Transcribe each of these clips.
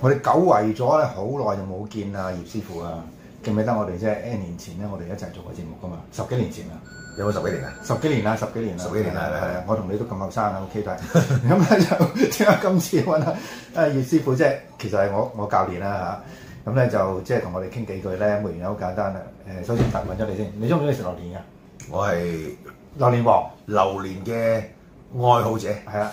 我哋久違咗咧，好耐就冇見啦，葉師傅啊，記唔記得我哋即係，N 年前咧，我哋一齊做過節目噶嘛，十幾年前啦，有冇十幾年啊？十幾年啦，十幾年啦，十幾、嗯、對年啦，係啊！我同你都咁後生啊，O.K. 咁咧就點解今次揾啊葉師傅即係，其實係我我教練啦嚇，咁、啊、咧就即係同我哋傾幾句咧，咁個原因好簡單啦。誒，首先問問咗你先，你中唔中意食榴蓮噶？我係榴蓮王，榴蓮嘅愛好者，係啊。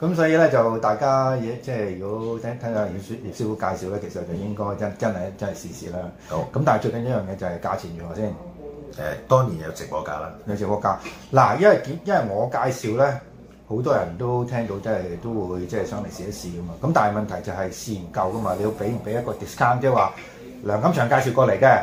咁所以咧就大家嘢即係如果聽聽下葉葉師傅介紹咧，其實就應該真真係真係試試啦。好，咁但係最緊要一樣嘢就係價錢如何先。誒、欸，當然有直播價啦，有直播價。嗱，因為因為我介紹咧，好多人都聽到即係都會即係上嚟試一試噶嘛。咁但係問題就係試唔夠噶嘛，你要俾唔俾一個 discount，即係話梁錦祥介紹過嚟嘅，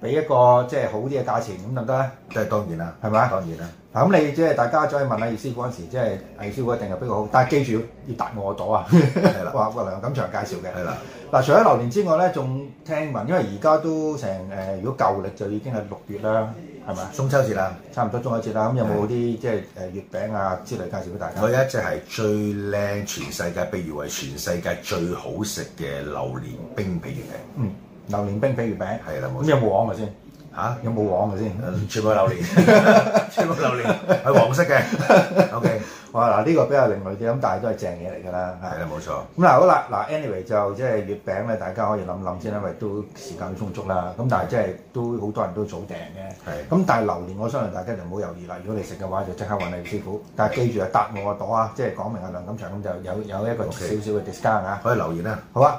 俾一個即係好啲嘅價錢咁得唔得咧？就當然啦，係咪吧？當然啦。咁你即係大家再問阿易師嗰陣時，即係易師傅一定係比較好。但係記住要大我朵啊！係 啦，我我梁錦祥介紹嘅。係啦的，嗱除咗榴蓮之外咧，仲聽聞，因為而家都成誒、呃，如果舊歷就已經係六月啦，係咪？中秋節啦，差唔多中秋節啦。咁有冇啲的即係誒、呃、月餅啊之類介紹俾大家？佢一隻係最靚，全世界被譽為全世界最好食嘅榴蓮冰皮月餅。嗯，榴蓮冰皮月餅。係啦。咁有冇講咪先？嚇有冇黃嘅先？全部榴蓮，全部榴蓮，係黃色嘅。OK，好啦，嗱呢個比較另類啲，咁但係都係正嘢嚟㗎啦。係啦，冇錯。咁嗱好啦，嗱 anyway 就即係月餅咧，大家可以諗諗先，因為都時間都充足啦。咁但係即係都好多人都早訂嘅。係。咁但係榴蓮，我相信大家就唔好猶豫啦。如果你食嘅話，就即刻揾你師傅。但係記住啊，搭我個朵啊，即係講明阿梁錦祥咁就有有一個少少嘅 discount 啊，可以留言啊，好啊。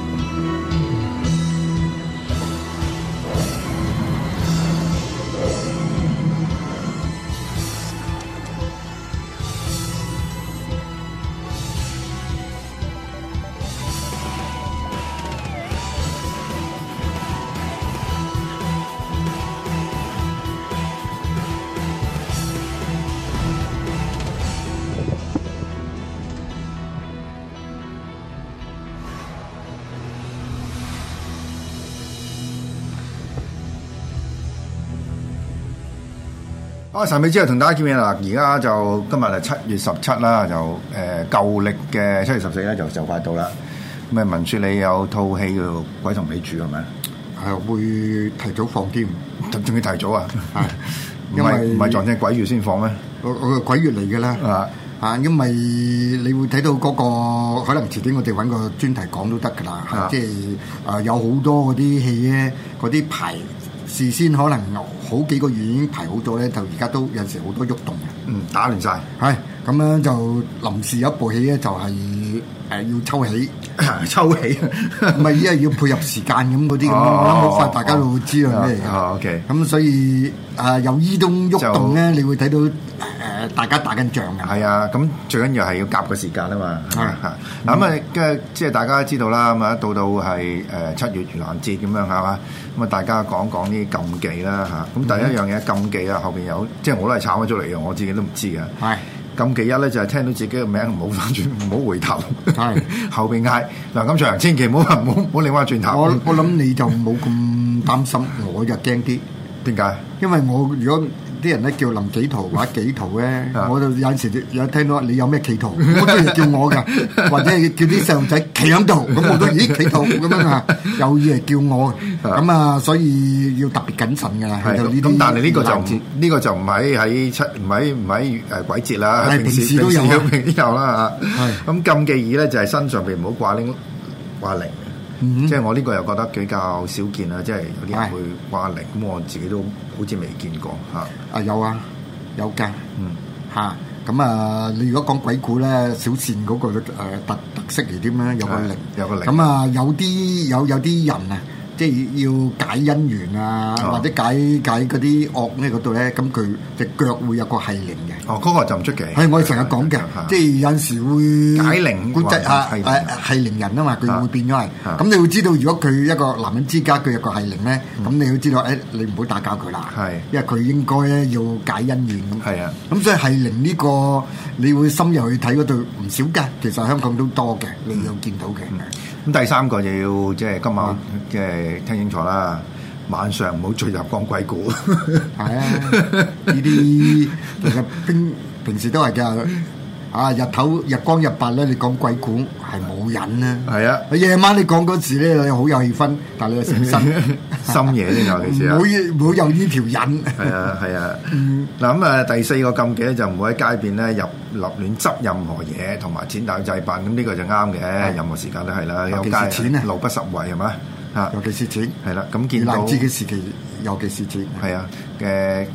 啊！神秘，之後同大家見面啦。而家就今日係七月十七啦，就誒舊、呃、歷嘅七月十四咧，就就快到啦。咁啊，聞說，你有套戲叫《鬼同你住》係咪？係、呃、會提早放啲，仲要 提早啊？ 因為唔唔係撞正鬼月先放咩？我我、呃、鬼月嚟嘅啦。啊，嚇、啊，因為你會睇到嗰、嗰個，可能遲啲我哋揾個專題講都得㗎啦。即係啊，呃、有好多嗰啲戲咧，嗰啲排。事先可能好幾個月已經排好咗咧，就而家都有時好多喐動嘅。嗯，打亂晒。係咁樣就臨時有一部戲咧、就係，就係誒要抽起、呃、抽起，咪依係要配合時間咁嗰啲咁。我諗好快大家都會知道咩、哦。哦，OK。咁所以啊、呃，有種喐動呢種喐動咧，就你會睇到。大家打緊仗㗎，係啊！咁最緊要係要夾個時間啊嘛。嚇嗱咁啊，即係、嗯、大家知道啦，咁啊，到到係誒七月盂蘭節咁樣係嘛，咁啊，大家講講啲禁忌啦嚇。咁、嗯、第一樣嘢禁忌啊，後邊有即係我都係炒咗出嚟嘅，我自己都唔知嘅。係是禁忌一咧就係聽到自己嘅名唔好翻轉，唔好回頭。係是後邊嗌梁錦祥，千祈唔好唔好唔好扭翻轉頭。我我諗你就冇咁擔心， 我就驚啲。點解？因為我如果。啲人咧叫臨幾圖或者幾圖咧，我就有時有聽到你有咩企圖，好多嘢叫我嘅，或者叫啲細路仔企響度咁，我都咦企圖咁樣啊，有嘢係叫我，咁啊，所以要特別謹慎噶啦。係啊，咁但係呢個就呢個就唔係喺七唔係唔係誒鬼節啦，平時都有都有啦，咁禁忌二咧就係身上邊唔好掛鈴掛鈴，即係我呢個又覺得比較少見啦，即係有啲人會掛鈴，咁我自己都。好似未見過嚇，啊有啊有間，嗯吓咁啊！你如果講鬼故咧，小倩嗰、那個誒特、呃、特色嚟點咧？有個靈、啊，有個靈咁啊！有啲有有啲人啊。即係要解姻緣啊，或者解解嗰啲惡咧嗰度咧，咁佢隻腳會有個係靈嘅。哦，嗰個就唔出奇。係，我成日講嘅，即係有陣時會解靈官職啊，係係靈人啊嘛，佢會變咗係。咁你會知道，如果佢一個男人之家，佢有個係靈咧，咁你要知道，誒，你唔好打攪佢啦，因為佢應該咧要解姻緣。係啊，咁所以係靈呢個，你會深入去睇嗰度唔少噶。其實香港都多嘅，你有見到嘅。咁第三個就要即係今晚即係聽清楚啦，晚上唔好進入光鬼故。係 啊，呢啲其實平平時都係㗎。天天啊！日頭日光日白咧，你講鬼故係冇癮啦。係啊！夜晚你講嗰時咧，又好有氣氛，但係你又小心， 深夜先有其事啊！唔會 有呢條癮。係啊係啊。嗱咁啊，第四個禁忌就唔好喺街邊咧入立亂執任何嘢同埋錢大制辦。咁呢個就啱嘅，啊、任何時間都係啦。尤其是錢有街路不拾遺係嘛嚇。尤其是錢。係啦、啊，咁、 啊、見到自己蝕錢，尤其是錢。係啊。嘅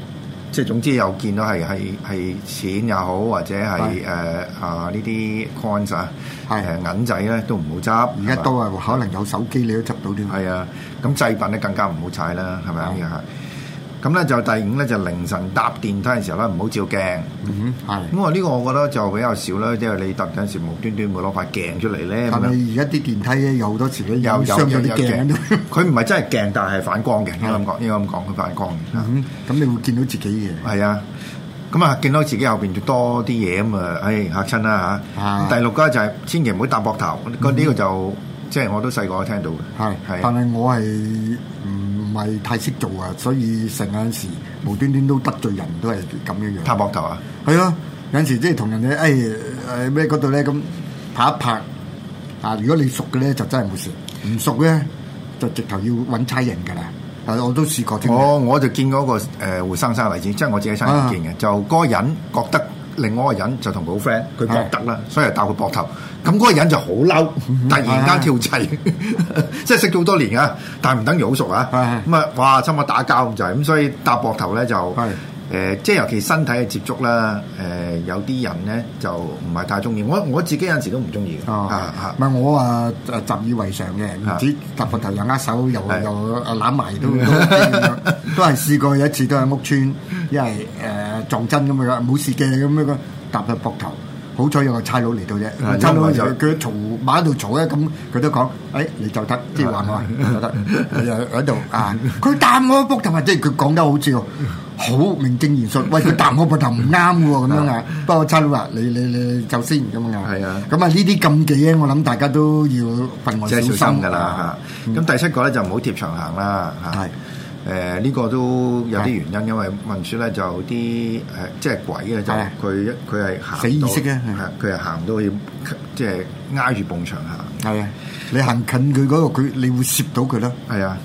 即係總之，又見到係係係錢又好，或者係誒啊呢啲 coins 啊誒係銀仔咧，都唔好執。而家都係可能有手機你都執到添。係啊，咁製品咧更加唔好踩啦，係咪啊？又係。咁咧就第五咧就凌晨搭電梯嘅時候咧唔好照鏡。係。因為呢個我覺得就比較少啦，即係你搭嗰陣時無端端會攞塊鏡出嚟咧。係咪而家啲電梯咧有好多時咧有傷咗啲鏡咧？佢唔係真係鏡，但係反光嘅。應該咁講，應該咁講，佢反光。咁你會見到自己嘢。係啊。咁啊，見到自己後邊多啲嘢咁啊，唉嚇親啦嚇。第六個就係千祈唔好搭膊頭。個呢個就即係我都細個聽到嘅。係係。但係我係唔。唔係太識做啊，所以成日有陣時無端端都得罪人都係咁樣樣。拍膊頭啊！係咯，有時即係同人哋誒誒咩嗰度咧咁拍一拍啊！如果你熟嘅咧就真係冇事，唔熟咧就直頭要揾差人㗎啦。係我都試過。我我就見過一個誒、呃、活生生嘅例子，即係我自己親眼見嘅，啊、就嗰個人覺得。另外一個人就同佢好 friend，佢覺得啦，是的 所以係搭佢膊頭。咁嗰個人就好嬲，突然間跳掣，是的 即係識咗好多年啊，但係唔等於好熟啊。咁啊是的，哇，差唔多打交咁就係，咁所以搭膊頭咧就。誒、呃，即係尤其身體嘅接觸啦，誒、呃，有啲人咧就唔係太中意，我我自己有時都唔中意嘅，嚇嚇、哦，唔係、啊、我啊習以為常嘅，唔、啊、止搭膊頭又握手，又、啊、又攬埋都 都係試過有一次都喺屋邨，因為誒撞真咁啊，冇事嘅咁樣個搭佢膊頭。好彩有個差佬嚟到啫，差佬佢嘈馬喺度嘈咧，咁佢都講，誒、哎，你就得，即係話我，又喺度啊！佢彈我一膊頭，即係佢講得好似好名正言順。喂，佢彈我膊頭唔啱喎，咁 樣啊！不過差佬話：你你你就先咁啊！係啊！咁啊，呢啲禁忌咧，我諗大家都要份外小心㗎啦嚇。咁、啊啊、第七個咧就唔好貼牆行啦嚇。啊誒呢、呃這個都有啲原因，因為聞説咧就啲誒即係鬼咧，就佢一佢係行到，佢係行到要即係挨住埲牆行。係啊的的、那個，你行近佢嗰個，佢你會攝到佢啦，係啊。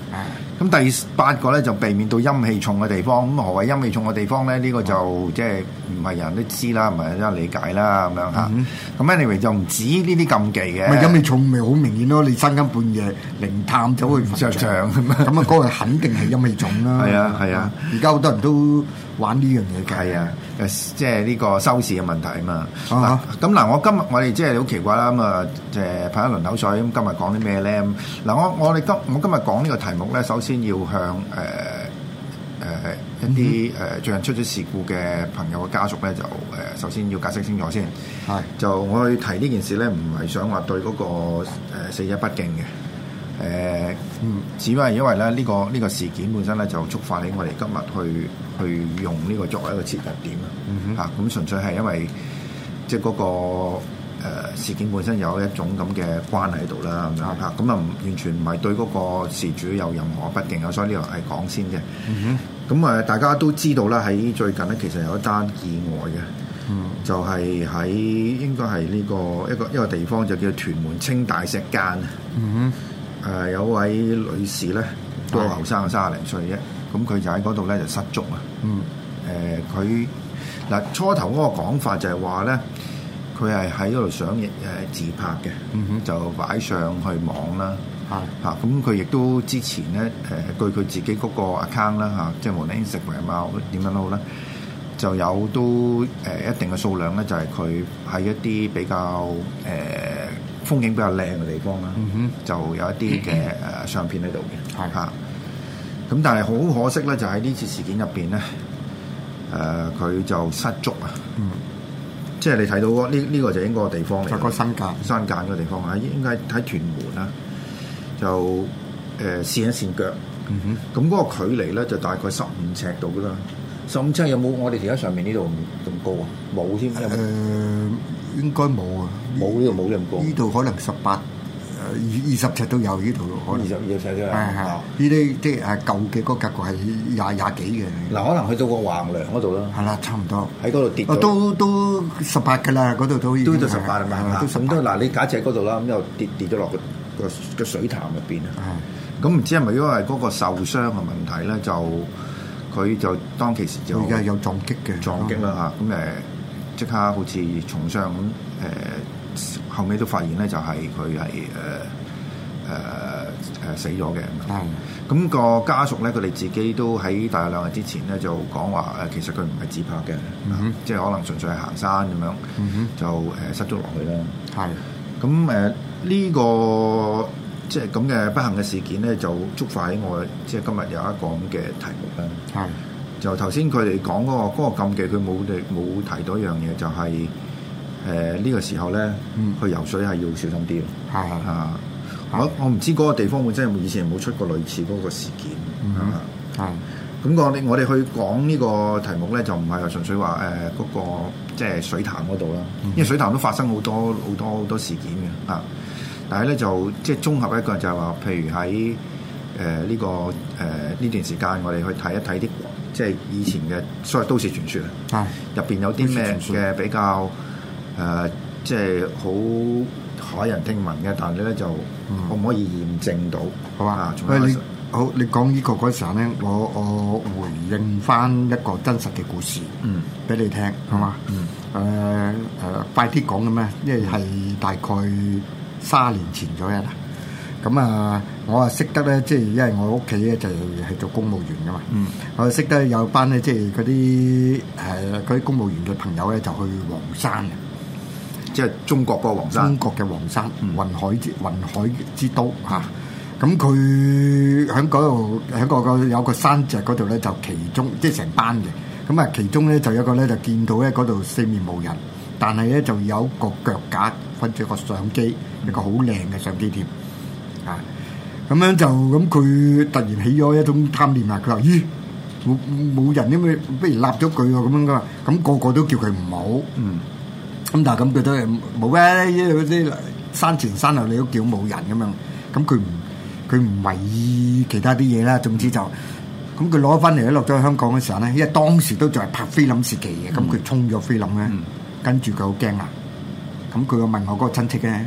咁第八個咧就避免到陰氣重嘅地方。咁何謂陰氣重嘅地方咧？呢、這個就、哦、即係唔係人都知啦，唔係人都理解啦咁樣吓。咁、嗯、哼 anyway 就唔止呢啲禁忌嘅。唔係陰氣重咪好明顯咯？你三更半夜零探走去唔着場咁啊，咁嗰 個肯定係陰氣重啦。係啊係啊，而家好多人都玩呢樣嘢嘅。係 啊。誒即係呢個收視嘅問題啊嘛，嗱咁嗱我今日我哋即係好奇怪啦咁、嗯、啊，誒噴一輪口水咁今日講啲咩咧？嗱我我哋今我今日講呢個題目咧，首先要向誒誒、呃呃、一啲誒、呃、最近出咗事故嘅朋友嘅家屬咧，就誒、呃、首先要解釋清楚先。係的就我去提呢件事咧，唔係想話對嗰個死者不敬嘅。只主要係因為咧、這、呢個呢、這個事件本身咧就觸發起我哋今日去去用呢個作為一個切入點、mm hmm. 啊。嚇，咁純粹係因為即係、那、嗰個、呃、事件本身有一種咁嘅關係喺度啦。嚇、mm，咁、hmm. 啊、嗯、完全唔係對嗰個事主有任何不敬啊，所以呢個係講先嘅。咁、mm hmm. 啊，大家都知道啦，喺最近咧其實有一單意外嘅，mm hmm. 就係喺應該係呢、這個一個一個地方就叫屯門青大石澗。Mm hmm. 誒有位女士咧，都後生啊，的卅零歲啫，咁佢就喺嗰度咧就失足啊。嗯，誒佢嗱初頭嗰個講法就係話咧，佢係喺嗰度想誒自拍嘅，嗯、哼，就擺上去網啦。係的啊，咁佢亦都之前咧誒、呃，據佢自己嗰個 account 啦嚇，即係無論 Instagram，點樣都好啦，就有都誒、呃、一定嘅數量咧，就係佢喺一啲比較誒。呃呃風景比較靚嘅地方啦，mm hmm. 就有一啲嘅誒相片喺度嘅，嚇、呃。咁、mm hmm. 啊、但係好可惜咧，就喺、是、呢次事件入邊咧，誒、呃、佢就失足啊。Mm hmm. 即係你睇到呢、這、呢、個這個就應該個地方嚟，個、嗯 hmm. 山間山間嘅地方啊，應該喺屯門啦。就誒跣、呃、一跣腳，嗯哼、mm，咁、hmm. 嗰個距離咧就大概十五尺度，啦。十五尺有冇？我哋而家上面呢度咁高啊？冇添。誒，應該冇啊！冇呢度冇呢咁高。呢度可能十八、二二十尺都有呢度。可能二十二十尺都有。係係。呢啲即係舊嘅嗰格局係廿廿幾嘅。嗱，可能去到個橫梁嗰度啦。係啦，差唔多喺嗰度跌。都都十八噶啦，嗰度都。都都十八啊嘛。咁多嗱，你假設喺嗰度啦，咁又跌跌咗落個個個水潭入邊啊？咁唔知係咪因為嗰個受傷嘅問題咧就？佢就當其時就，而家有撞擊嘅撞擊啦，嚇，咁誒即刻好似重傷咁誒，後尾都發現咧就係佢係誒誒誒死咗嘅。係，咁個家屬咧，佢哋自己都喺大約兩日之前咧就講話誒，其實佢唔係自拍嘅，嗯、哼 即係可能純粹係行山咁樣，嗯、哼 就誒失足落去啦。係是的、嗯，咁誒呢個。即係咁嘅不幸嘅事件咧，就觸發喺我，即係今日有一個咁嘅題目啦。係、嗯。就頭先佢哋講嗰個嗰個禁忌，佢冇冇提到一樣嘢，就係誒呢個時候咧去游水係要小心啲咯。係係係。我我唔知嗰個地方會真係，以前冇出過類似嗰個事件、嗯嗯、啊。咁講，我哋去講呢個題目咧，就唔係純粹話誒嗰個即係水潭嗰度啦，因為水潭都發生好多好多好多好多事件嘅啊。但係咧就即係綜合一個就係話，譬如喺誒呢個誒呢段時間，我哋去睇一睇啲即係以前嘅所謂都市傳說啊，入邊有啲咩嘅比較誒，即係好駭人聽聞嘅，但係咧就可唔可以驗證到？好嘛？誒，你好，你講呢個嗰陣咧，我我回應翻一個真實嘅故事，嗯，俾你聽，好嘛？嗯，誒誒，快啲講嘅咩？因為係大概。三年前咗一啦，咁、嗯、啊，我啊識得咧，即係因為我屋企咧就係做公務員噶嘛，嗯、我識得有班咧，即係嗰啲誒嗰啲公務員嘅朋友咧，就去黃山，即係中國個黃山，中國嘅黃山，嗯、雲海之雲海之都吓。咁佢響嗰度，響嗰個有個山脊嗰度咧，就其中即係成班嘅。咁啊，其中咧就有一個咧就見到咧嗰度四面無人。但係咧就有一個腳架，或者一個相機，一個好靚嘅相機貼，啊，咁樣就咁佢突然起咗一種貪念啊！佢話咦，冇冇人因為，不如立咗佢喎咁樣噶，咁個個都叫佢唔好，嗯，咁但係咁佢都係冇咩，因為啲山前山後你都叫冇人咁樣，咁佢唔佢唔為意其他啲嘢啦，總之就咁佢攞翻嚟咧落咗香港嘅時候咧，因為當時都仲係拍菲林時期嘅，咁佢沖咗菲林咧。跟住佢好驚啊！咁佢又問我嗰個親戚咧，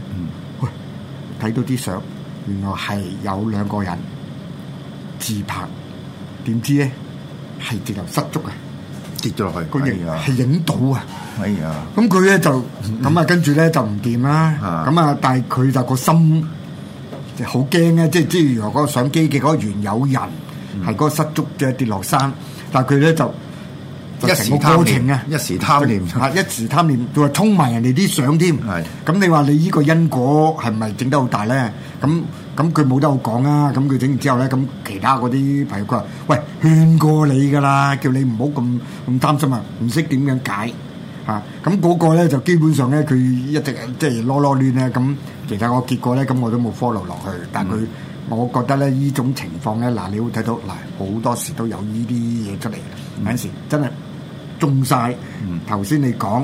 喂、嗯，睇到啲相，原來係有兩個人自拍，點知咧係突然失足啊，跌咗落去。居然係影到啊！哎呀，咁佢咧就咁啊，嗯嗯、跟住咧就唔掂啦。咁啊、嗯，但係佢就個心好驚啊，即係即係原來嗰個相機嘅嗰個原有人係嗰、嗯、個失足嘅跌落山，但係佢咧就。一時貪念，一時貪念，吓 一時貪念，仲話沖埋人哋啲相添。係咁的，你話你呢個因果係咪整得好大咧？咁咁佢冇得好講啊！咁佢整完之後咧，咁其他嗰啲朋友佢話：喂，勸過你噶啦，叫你唔好咁咁擔心啊，唔識點樣解啊。咁嗰個咧就基本上咧，佢一直即係囉囉攣咧。咁其他個結果咧，咁我都冇 follow 落去，但佢。嗯我覺得咧，依種情況咧，嗱，你會睇到，嗱，好多時都有呢啲嘢出嚟，有陣、嗯、時真係中晒。頭先、嗯、你講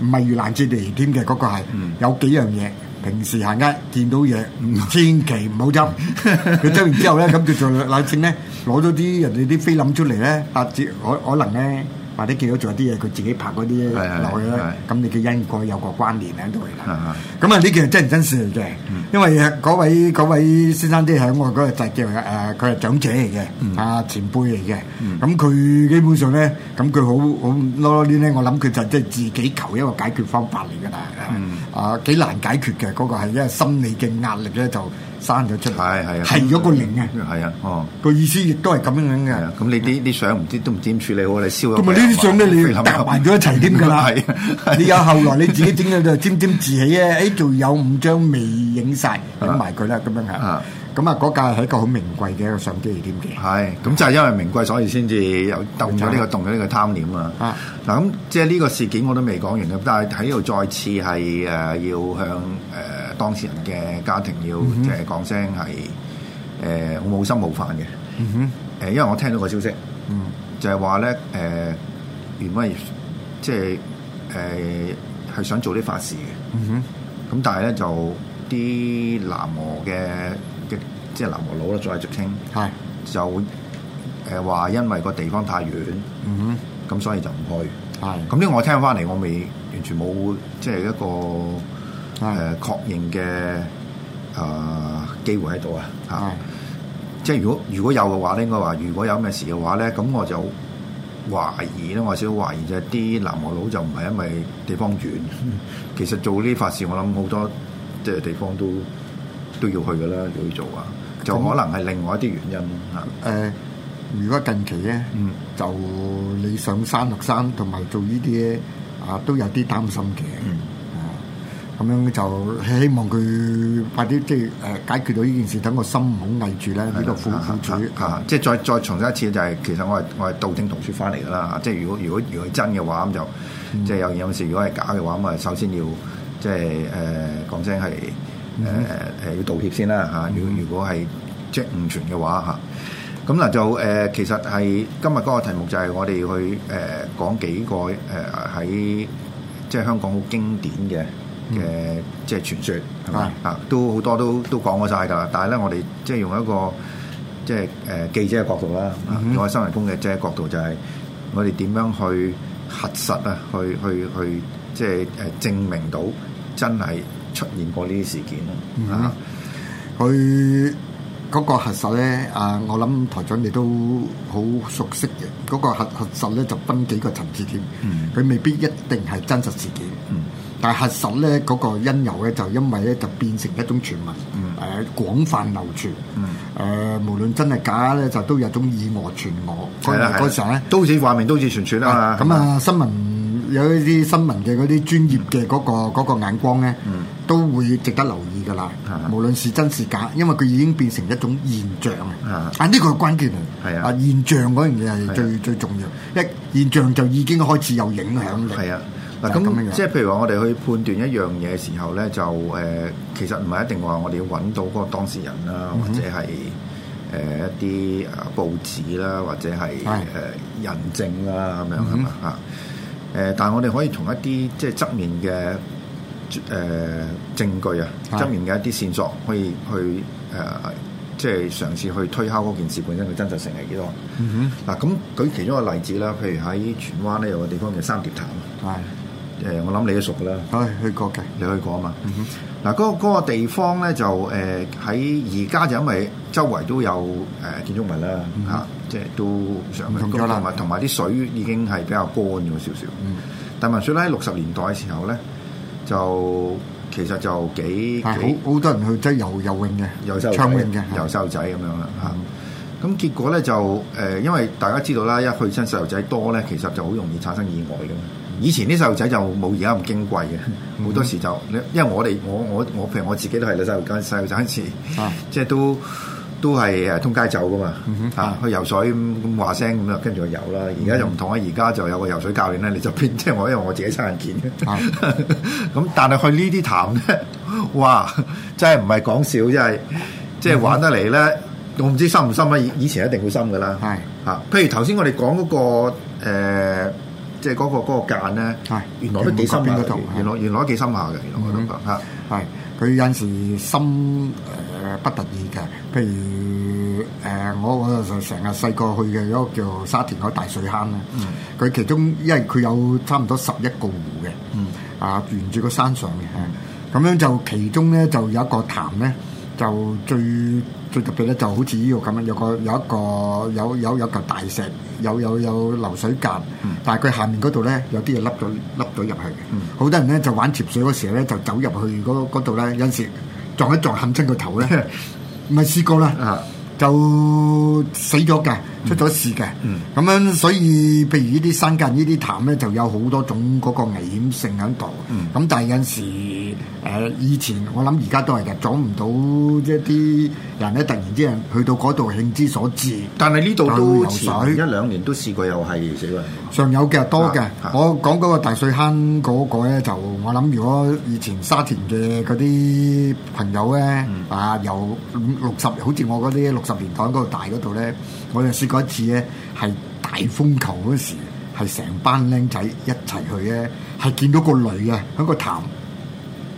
唔係盂蘭節地添嘅，嗰、嗰個係、嗯、有幾樣嘢，平時行街見到嘢，嗯、千祈唔好執。佢執完之後咧，咁叫做那正咧，攞咗啲人哋啲菲林出嚟咧，打折可可能咧。或者見到做啲嘢，佢自己拍嗰啲落去啦。咁你嘅因果有個關聯喺度嘅。咁啊是，呢件真唔真實嘅，因為嗰位位先生即係我嗰日就叫誒，佢、呃、係長者嚟嘅，啊、嗯、前輩嚟嘅。咁佢、嗯、基本上咧，咁佢好好囉囉攣咧，我諗佢就即係自己求一個解決方法嚟㗎啦。嗯、啊幾難解決嘅，嗰、那個係因為心理嘅壓力咧就。生咗出嚟，係係啊，係咗個零嘅，係啊，哦，個意思亦都係咁樣樣嘅。咁你啲啲相唔知都唔知點處理好，你燒咗埋，咁咪呢啲相咧你要搭埋咗一齊添噶啦。你有後來你自己整喺就沾沾自喜啊！哎，仲有五張未影晒，影埋佢啦，咁樣吓。咁啊，嗰架係一個好名貴嘅一個相機嚟添嘅。係，咁就係因為名貴，所以先至有動咗呢個、動咗呢個貪念啊。嗱吧，咁即係呢個事件我都未講完嘅，但係喺度再次係誒、呃、要向誒、呃、當事人嘅家庭要誒講聲係我冇心冇犯嘅。嗯、哼，誒、呃嗯、哼因為我聽到個消息，嗯，就係話咧誒，原本係即係誒係想做啲法事嘅。嗯哼，咁但係咧就啲喃嘸嘅。即係喃嘸佬啦，再係俗稱，是就誒話、呃、因為個地方太遠，咁、mm hmm. 所以就唔去。咁呢個是，我聽翻嚟，我未完全冇即係一個誒、呃、確認嘅誒、呃、機會喺度啊！是即係如果如果有嘅話咧，應該話如果有咩事嘅話咧，咁我就懷疑咧。我少少懷疑就係、是、啲喃嘸佬就唔係因為地方遠，其實做呢啲法事，我諗好多即係地方都都要去㗎啦，要去做啊。就可能係另外一啲原因咯，嚇。誒，如果近期咧，嗯，就你上山落山同埋做呢啲嘢，啊，都有啲擔心嘅。嗯，啊，咁樣就希望佢快啲即係誒解決到呢件事，等我心好翳住咧，呢個副業主嚇。即係的再再重申一次、就是，就係其實我係我係道聽途説翻嚟噶啦，即係如果如果如果真嘅話咁就，即係有有時如果係假嘅話咁，我首先要即係誒講聲係。誒誒誒，要道歉先啦嚇。如果如果係即誤傳嘅話嚇，咁、啊、嗱就誒、呃，其實係今日嗰個題目就係我哋去誒、呃、講幾個誒喺、呃、即香港好經典嘅嘅即傳說係嘛、嗯、啊，都好多都都講過曬㗎。但係咧，我哋即用一個即誒、呃、記者嘅角度啦，我、啊、係新聞工作者角度就係我哋點樣去核實啊，去去去，去即誒證明到真係。出現過呢啲事件啦，嚇佢嗰個核實咧，啊，我諗台長你都好熟悉嘅嗰個核核實咧，就分幾個層次添。佢未必一定係真實事件。但係核實咧嗰個因由咧，就因為咧就變成一種傳聞。嗯，誒，廣泛流傳。嗯，誒，無論真係假咧，就都有種以訛傳訛。係啊係。嗰時候咧，都好似話明，都好似傳傳啦。咁啊，新聞。有一啲新聞嘅嗰啲專業嘅嗰個眼光咧，都會值得留意噶啦。無論是真是假，因為佢已經變成一種現象。啊，呢個係關鍵啊！現象嗰樣嘢係最最重要，一現象就已經開始有影響。係啊，嗱咁，即係譬如話我哋去判斷一樣嘢嘅時候咧，就誒，其實唔係一定話我哋要揾到嗰個當事人啦，或者係誒一啲報紙啦，或者係誒人證啦咁樣啊。誒，但係我哋可以同一啲即係側面嘅誒、呃、證據啊，側面嘅一啲線索，可以去誒、呃，即係嘗試去推敲嗰件事本身嘅真實性係幾多？嗱、嗯哼，咁、啊、舉其中一個例子啦，譬如喺荃灣咧有個地方叫三疊潭啊。係、嗯哼呃，我諗你都熟㗎啦。係、哎，去過嘅，你去過啊嘛。嗱、嗯哼，嗰、那個那個地方咧就誒喺而家就因為周圍都有誒建築物啦嚇。嗯即係都唔同埋同埋啲水已經係比較乾咗少少。嗯，但係聞説咧六十年代嘅時候咧，就其實就幾好好、啊、幾多人去即係遊游泳嘅，遊長泳嘅，遊細路仔咁樣啦。咁、嗯嗯嗯、結果咧就誒，因為大家知道啦，一去親細路仔多咧，其實就好容易產生意外嘅。以前啲細路仔就冇而家咁矜貴嘅，好多時就因為我哋我我我譬如，如我自己都係老細細路仔時，即係都。都係誒通街走噶嘛，嚇去游水咁話聲咁啊，跟住就游啦。而家就唔同啦，而家就有個游水教練咧，你就變即係我因為我自己親眼見嘅。咁但係去呢啲潭咧，哇，真係唔係講笑，真係即係玩得嚟咧。我唔知深唔深啊，以以前一定好深噶啦。係嚇，譬如頭先我哋講嗰個誒，即係嗰個嗰間咧，係原來都幾深下嘅，原來原來都幾深下嘅，原來我都覺佢有時心誒、呃、不得意嘅，譬如誒、呃，我我就成日細個去嘅一個叫沙田嗰大水坑啊。佢、嗯、其中因為佢有差唔多十一個湖嘅，嗯、啊，沿住個山上嘅，咁、嗯、樣就其中咧就有一個潭咧。就最最特別咧，就好似呢個咁樣，有個有一個有一個有有嚿大石，有有有流水澗，嗯、但係佢下面嗰度咧有啲嘢落咗落咗入去嘅，好、嗯、多人咧就玩潛水嗰時咧就走入去嗰度咧，有陣時撞一撞冚親個頭咧，咪試過啦，嗯、就死咗嘅，出咗事嘅，咁、嗯嗯、樣所以譬如呢啲山澗呢啲潭咧就有好多種嗰個危險性喺度，咁、嗯、但係有陣時。誒以前我諗，而家都係嘅，阻唔到一啲人咧。突然之間去到嗰度，興之所至，但係呢度都、嗯、有水一兩年都試過又，又係上有嘅多嘅、那個。我講嗰個大水坑嗰個咧，就我諗，如果以前沙田嘅嗰啲朋友咧、嗯、啊，由六十好似我嗰啲六十年代嗰度大嗰度咧，我哋試過一次咧，係大風球嗰時，係成班僆仔一齊去咧，係見到個女嘅，喺個潭。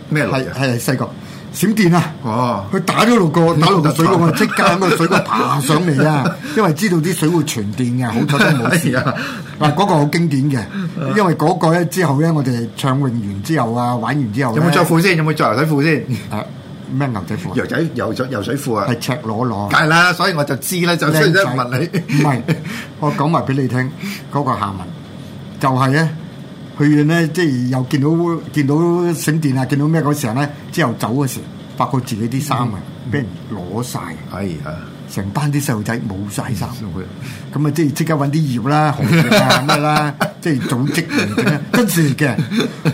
咩係係細個閃電啊！哦，佢打咗六個，打六個水果，我即刻喺個水果爬上嚟啊！因為知道啲水會傳電嘅，好彩都冇事啊！嗱，嗰個好經典嘅，因為嗰個咧之後咧，我哋暢泳完之後啊，玩完之後咧，有冇著褲先？有冇著游水褲先？係咩牛仔褲？牛仔游着游水褲啊！係赤裸裸。梗係啦，所以我就知啦，就所以即係問你，唔係我講埋俾你聽，嗰個下文就係咧。去完咧，即係又見到見到閃電啊，見到咩嗰時咧，之後走嗰時候，發覺自己啲衫啊，俾、嗯、人攞晒，係係、哎呀，成班啲細路仔冇晒衫。咁啊、哎呀，即係即刻揾啲葉啦、紅葉啊咩啦， 即係組織嚟嘅，跟住嘅。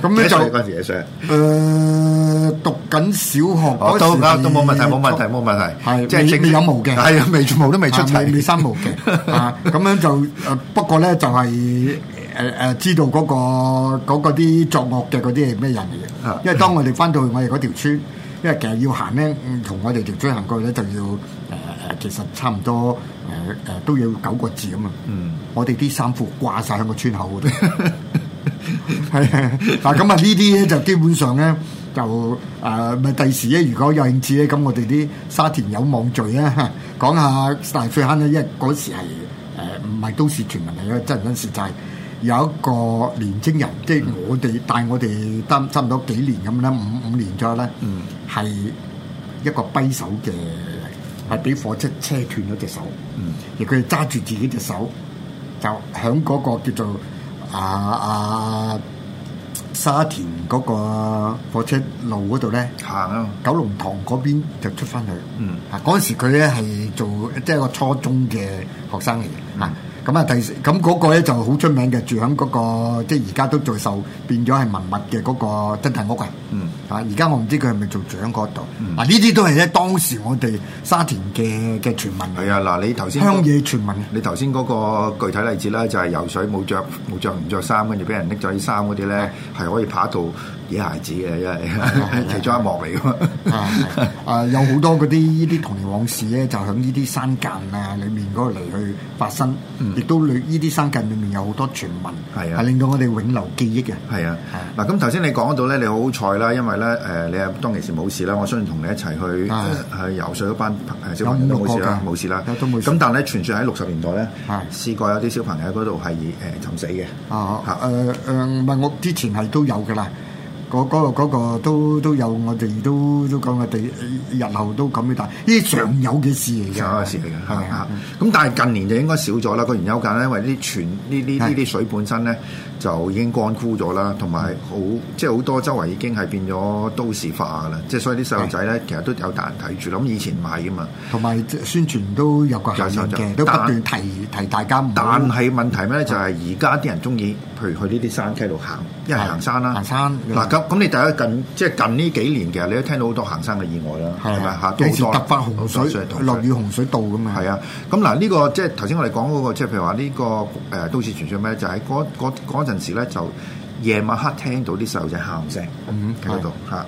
咁咧就幾歲嗰陣時幾歲？呃、讀緊小學嗰陣時、哦。都冇問題，冇問題，冇問題。係即係未有毛嘅，係啊，未全部都未出齊，未生毛嘅。啊，咁樣就誒，不過咧就係、是。誒誒，知道嗰、那個啲、那個、作惡嘅嗰啲係咩人嚟嘅？因為當我哋翻到去我哋嗰條村，因為其實要行咧，同我哋條村行過去咧，就要誒、呃、其實差唔多誒誒、呃，都要九個字咁啊。嗯，我哋啲衫褲掛晒喺個村口嗰度。係，但咁啊，呢啲咧就基本上咧就誒，咪第時咧，如果有興趣咧，咁我哋啲沙田有網聚啊，講下大水坑啦，因為嗰時係唔係都市傳聞嚟嘅，真真實在。有一個年青人，嗯、即係我哋帶我哋差唔多幾年咁啦，五五年左右咧，係、嗯、一個跛手嘅，係俾火車車斷咗隻手，嗯、而佢揸住自己隻手，就喺嗰個叫做、呃、啊啊沙田嗰個火車路嗰度咧行啊，嗯、九龍塘嗰邊就出翻去。嗯，嗰陣時佢咧係做即係、就是、個初中嘅學生嚟嘅。嗱、嗯。嗯咁啊，第咁嗰個咧就好出名嘅，住喺嗰、嗰個即係而家都在售變咗係文物嘅嗰個曾大屋啊！嗯，啊，而家我唔知佢係咪做住喺度？嗱、嗯，呢啲都係咧當時我哋沙田嘅嘅傳聞。係啊、嗯，嗱，你頭先鄉野傳聞。你頭先嗰個具體例子啦，就係游水冇着，冇着唔着衫，跟住俾人拎咗啲衫嗰啲咧，係可以爬到。野孩子嘅，因為其中一幕嚟嘅。啊，有好多嗰啲依啲童年往事咧，就喺呢啲山澗啊裏面嗰度嚟去發生，亦都呢啲山澗裏面有好多傳聞，係令到我哋永留記憶嘅。係啊，嗱，咁頭先你講到咧，你好好彩啦，因為咧，誒，你阿當其時冇事啦，我相信同你一齊去去游水嗰班小朋友都冇事啦，冇事啦，咁但係咧，傳説喺六十年代咧，試過有啲小朋友喺嗰度係誒浸死嘅。啊，誒誒，唔係，我之前係都有嘅啦。嗰嗰，那個那個都都有我都，我哋都都講我哋日後都咁嘅，但呢啲常有嘅事嚟嘅，事嚟嘅，嚇嚇吧。咁吧、啊、但係近年就應該少咗啦，個年休假咧，因為啲泉呢呢呢啲水本身咧就已經乾枯咗啦，同埋好是即係好多周圍已經係變咗都市化嘅啦，即係所以啲細路仔咧其實都有大人睇住啦。咁以前買嘅嘛，同埋宣傳都有個嘅，但都不斷提提大家。但係問題咩咧是，就係而家啲人鍾意，譬如去呢啲山溪度行，一係行山啦、啊。行山嗱咁，咁你大家近即係近呢幾年，其實你都聽到好多行山嘅意外啦，係咪嚇？都市突發洪水、落雨洪水倒咁啊！係啊，咁嗱呢個即係頭先我哋講嗰個，即係譬如話呢、這個誒、呃、都市傳説咩？就喺嗰嗰陣時咧，就夜晚黑聽到啲細路仔喊聲喺度嚇。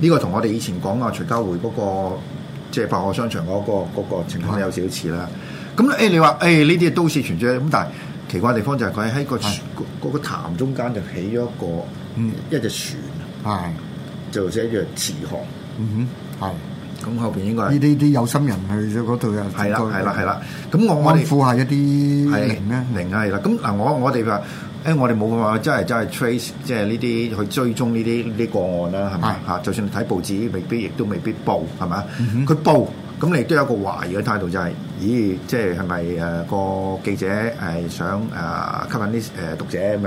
呢個同我哋以前講啊徐家匯嗰個即係百貨商場嗰、那個嗰、那個情況、那個、有少少似啦。咁咧是，你話誒呢啲都市傳説咁，但係。奇怪地方就係佢喺個嗰的潭中間就起咗一個、嗯、一隻船，的就寫住慈航，係咁、嗯、後邊應該係呢啲啲有心人去咗嗰度啊，係啦係啦係啦，咁我我哋安撫下一啲靈啊靈啊，係啦，咁嗱我我哋話誒我哋冇辦法真係真係 trace 即係呢啲去追蹤呢啲呢啲個案啦，係咪？嚇的，就算睇報紙未必亦都未必報，係咪佢報。咁你都有一個懷疑嘅態度，就係，咦，即係係咪誒個記者誒想誒吸引啲誒讀者咁樣？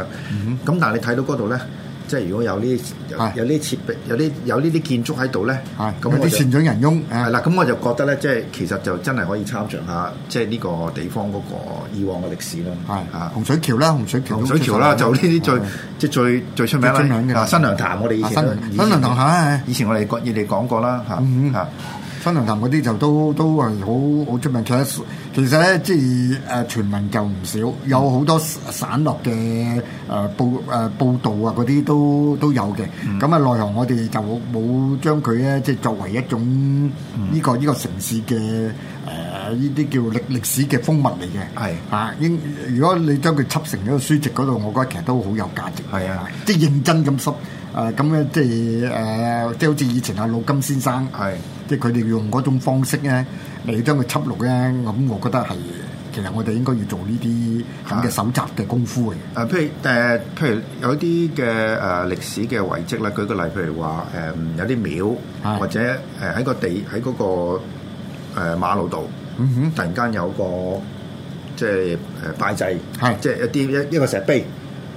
咁但係你睇到嗰度咧，即係如果有啲有啲設備、有啲有呢啲建築喺度咧，咁啲船長人翁係啦。咁我就覺得咧，即係其實就真係可以參詳下，即係呢個地方嗰個以往嘅歷史咯。係啊，洪水橋啦，洪水橋，洪水橋啦，就呢啲最即係最最出名啦。新娘潭，我哋以前新娘潭嚇，以前我哋國語嚟講過啦嚇。新塘嗰啲就都都係好好出名，且其實咧即係誒傳聞就唔少，有好多散落嘅誒報誒報道啊嗰啲都都有嘅。咁啊內行我哋就冇將佢咧即係作為一種呢個呢個城市嘅誒。嗯係呢啲叫歷歷史嘅風物嚟嘅，係是啊，應如果你將佢輯成一個書籍嗰度，我覺得其實都好有價值。係啊，即係認真咁輯，啊咁咧即係誒，即係、呃、好似以前阿老金先生，係是即係佢哋用嗰種方式咧嚟將佢輯錄咧，咁我覺得係其實我哋應該要做呢啲咁嘅搜集嘅功夫嘅。誒、啊啊，譬如誒、呃，譬如有啲嘅誒歷史嘅遺跡啦，舉個例，譬如話誒、呃、有啲廟、啊，或者誒喺、呃、個地喺嗰、嗰個誒、呃呃、馬路度。呃嗯哼，突然間有個即係誒拜祭，係是即係一啲一一個石碑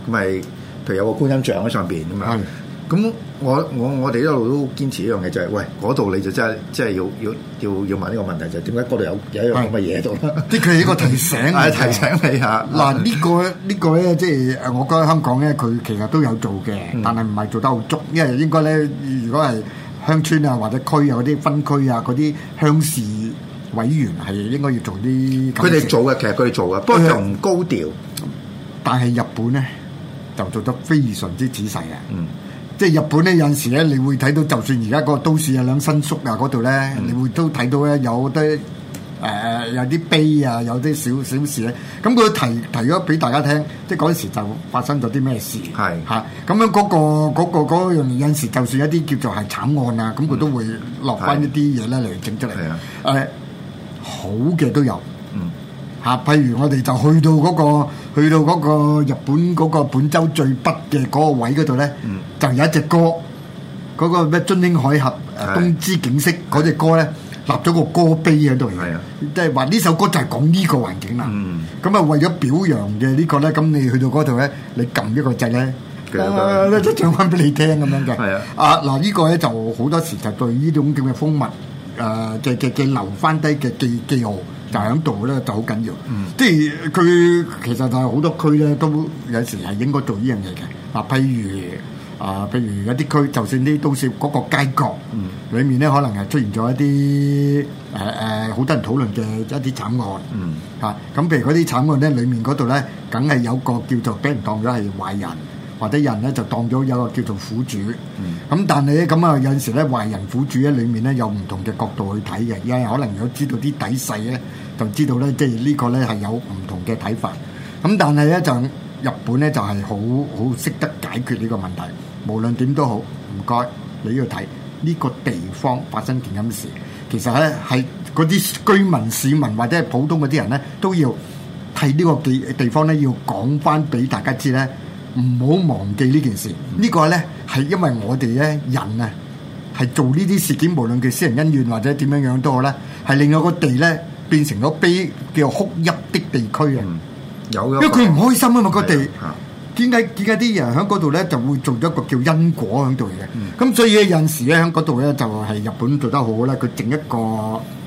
咁係，譬如有個觀音像喺上邊啊嘛。咁是我我我哋一路都堅持一樣嘢，就係、是、喂嗰度你就真係真係要要要要問呢個問題，就係點解嗰度有有一樣咁嘅嘢喺度？即係一個提醒，嗯、提醒你吓。嗱呢、嗯啊呢個呢、呢個咧，即係我覺得香港咧，佢其實都有做嘅，但係唔係做得好足，因為應該咧，如果係鄉村啊或者區啊嗰啲分區啊嗰啲鄉事委員係應該要做啲，佢哋做嘅，其實佢哋做嘅，不過佢唔高調，但係日本咧就做得非常之仔細啊！嗯，即係日本咧有陣時咧，你會睇到，就算而家個都市啊、兩新宿啊嗰度咧，你會都睇到咧有啲誒有啲碑啊，有啲、呃、小小事咧，咁佢提提咗俾大家聽，即係嗰陣時就發生咗啲咩事，係嚇咁樣嗰個嗰、那個那個、樣有陣時，就算一啲叫做係慘案啊，咁佢都會落翻一啲嘢咧嚟整出嚟，係啊，誒、啊。啊好嘅都有，嚇！譬如我哋就去到嗰個，去到嗰個日本嗰個本州最北嘅嗰個位嗰度咧，就有一隻歌，嗰個咩《津輕海峽冬之景色》嗰隻歌咧，立咗個歌碑喺度，即係話呢首歌就係講呢個環境啦。咁啊，為咗表揚嘅呢個咧，咁你去到嗰度咧，你撳一個掣咧，咧都唱翻俾你聽咁樣嘅。啊嗱，呢個咧就好多時就對呢種叫咩風物。誒，即係即係留翻低嘅記記號，就喺度咧就好緊要。即係佢其實係好多區咧，都有時係應該做呢樣嘢嘅。啊，譬如啊，譬如有啲區，就算啲都市嗰個街角，嗯，裡面咧可能係出現咗一啲誒誒，好多人討論嘅一啲慘案，嗯，嚇。咁譬如嗰啲慘案咧，裡面嗰度咧，梗係有個叫做俾人當咗係壞人。或者人咧就當咗有個叫做苦主，咁、嗯、但係咧咁啊，有陣時咧，壞人苦主咧裡面咧有唔同嘅角度去睇嘅，因為可能有知道啲底細咧，就知道咧，即係呢個咧係有唔同嘅睇法。咁但係咧就日本咧就係好好識得解決呢個問題，無論點都好，唔該你要睇呢、呢個地方發生點咁嘅事，其實咧係嗰啲居民、市民或者係普通嗰啲人咧都要替呢個地地方咧要講翻俾大家知咧。唔好忘記呢件事，嗯、個呢個咧係因為我哋咧人啊，係做呢啲事件，無論佢私人恩怨或者點樣樣都好咧，係令到個地咧變成咗悲叫哭泣的地區啊、嗯！有，因為佢唔開心啊嘛個地。點解點解啲人喺嗰度咧就會做咗一個叫因果喺度嘅？咁、嗯、所以有陣時咧喺嗰度咧就係、是、日本做得好啦，佢整一個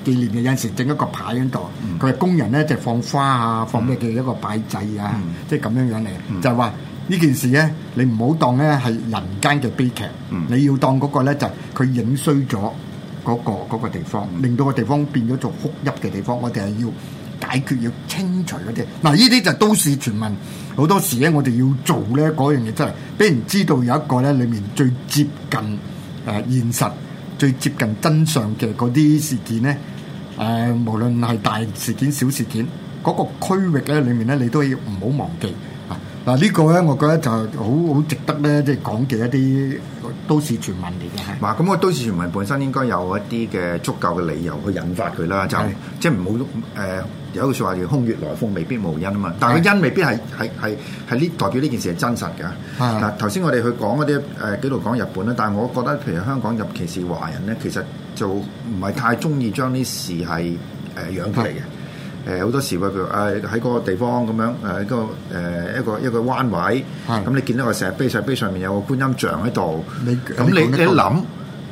紀念嘅有陣時整一個牌喺度，佢係、嗯、工人咧就係、放花啊，放咩嘅一個擺仔啊，即係咁樣樣嚟、嗯，就係、是、話。就是呢件事咧，你唔好當咧係人間嘅悲劇，嗯，你要當嗰個咧就係佢影衰咗嗰個嗰個地方，令到個地方變咗做哭泣嘅地方。我哋係要解決、要清除嗰啲。嗱，呢啲就都市傳聞。好多時咧，我哋要做咧嗰樣嘢真係，俾人知道有一個咧裏面最接近誒現實、最接近真相嘅嗰啲事件咧。誒、呃，無論係大事件、小事件，嗰個區域咧裏面咧，你都要唔好忘記。嗱，呢個咧，我覺得就好好值得咧，即係講嘅一啲都市傳聞嚟嘅嚇。嗱，咁個都市傳聞本身應該有一啲嘅足夠嘅理由去引發佢啦，是的 就即係唔好誒，有一句説話叫空穴來風未必無因啊嘛。但係佢因未必係係係係呢代表呢件事係真實㗎。嗱，頭先我哋去講嗰啲誒幾度講日本咧，但係我覺得譬如香港尤其是華人咧，其實就唔係太中意將啲事係誒養出嚟嘅。誒好多時喎，誒喺嗰個地方咁樣，誒一個一個一個彎位，咁的、嗯、你見到個石碑，石碑上面有個觀音像喺度，咁、嗯嗯、你，你一諗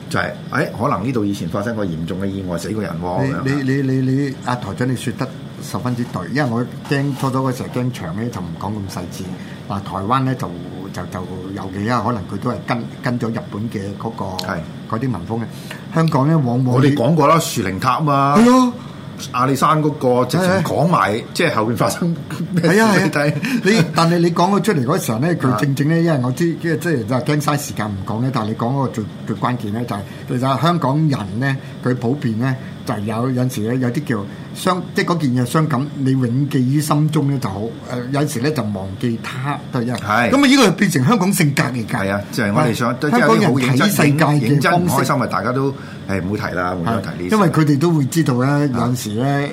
就係、是，誒、哎、可能呢度以前發生過嚴重嘅意外，死過人喎、啊。你你你你阿、啊、台長，你説得十分之對，因為我驚初初嗰時驚長咧，就唔講咁細緻。嗱，台灣咧就就就尤其啊可能佢都係跟跟咗日本嘅嗰、那個係嗰啲民風嘅。香港咧往往，往我哋講過啦，樹靈塔啊嘛。阿里山嗰個直情講埋，的即係後邊發生咩事？你但係你講佢出嚟嗰時候咧，佢正正咧，因為我知即係即係就係驚嘥時間唔講咧。但係你講嗰個最最關鍵咧，就是，就係其實香港人咧，佢普遍咧。就係有有時咧，有啲叫傷，即係嗰件嘢傷感，你永記於心中咧就好。誒有時咧就忘記它，對人。係是。咁啊，呢個變成香港性格嚟㗎。係啊是，就係我哋想。香港人睇世界嘅方式，唔開心咪大家都誒唔好提啦，唔好提呢。是因為佢哋都會知道咧，是有時咧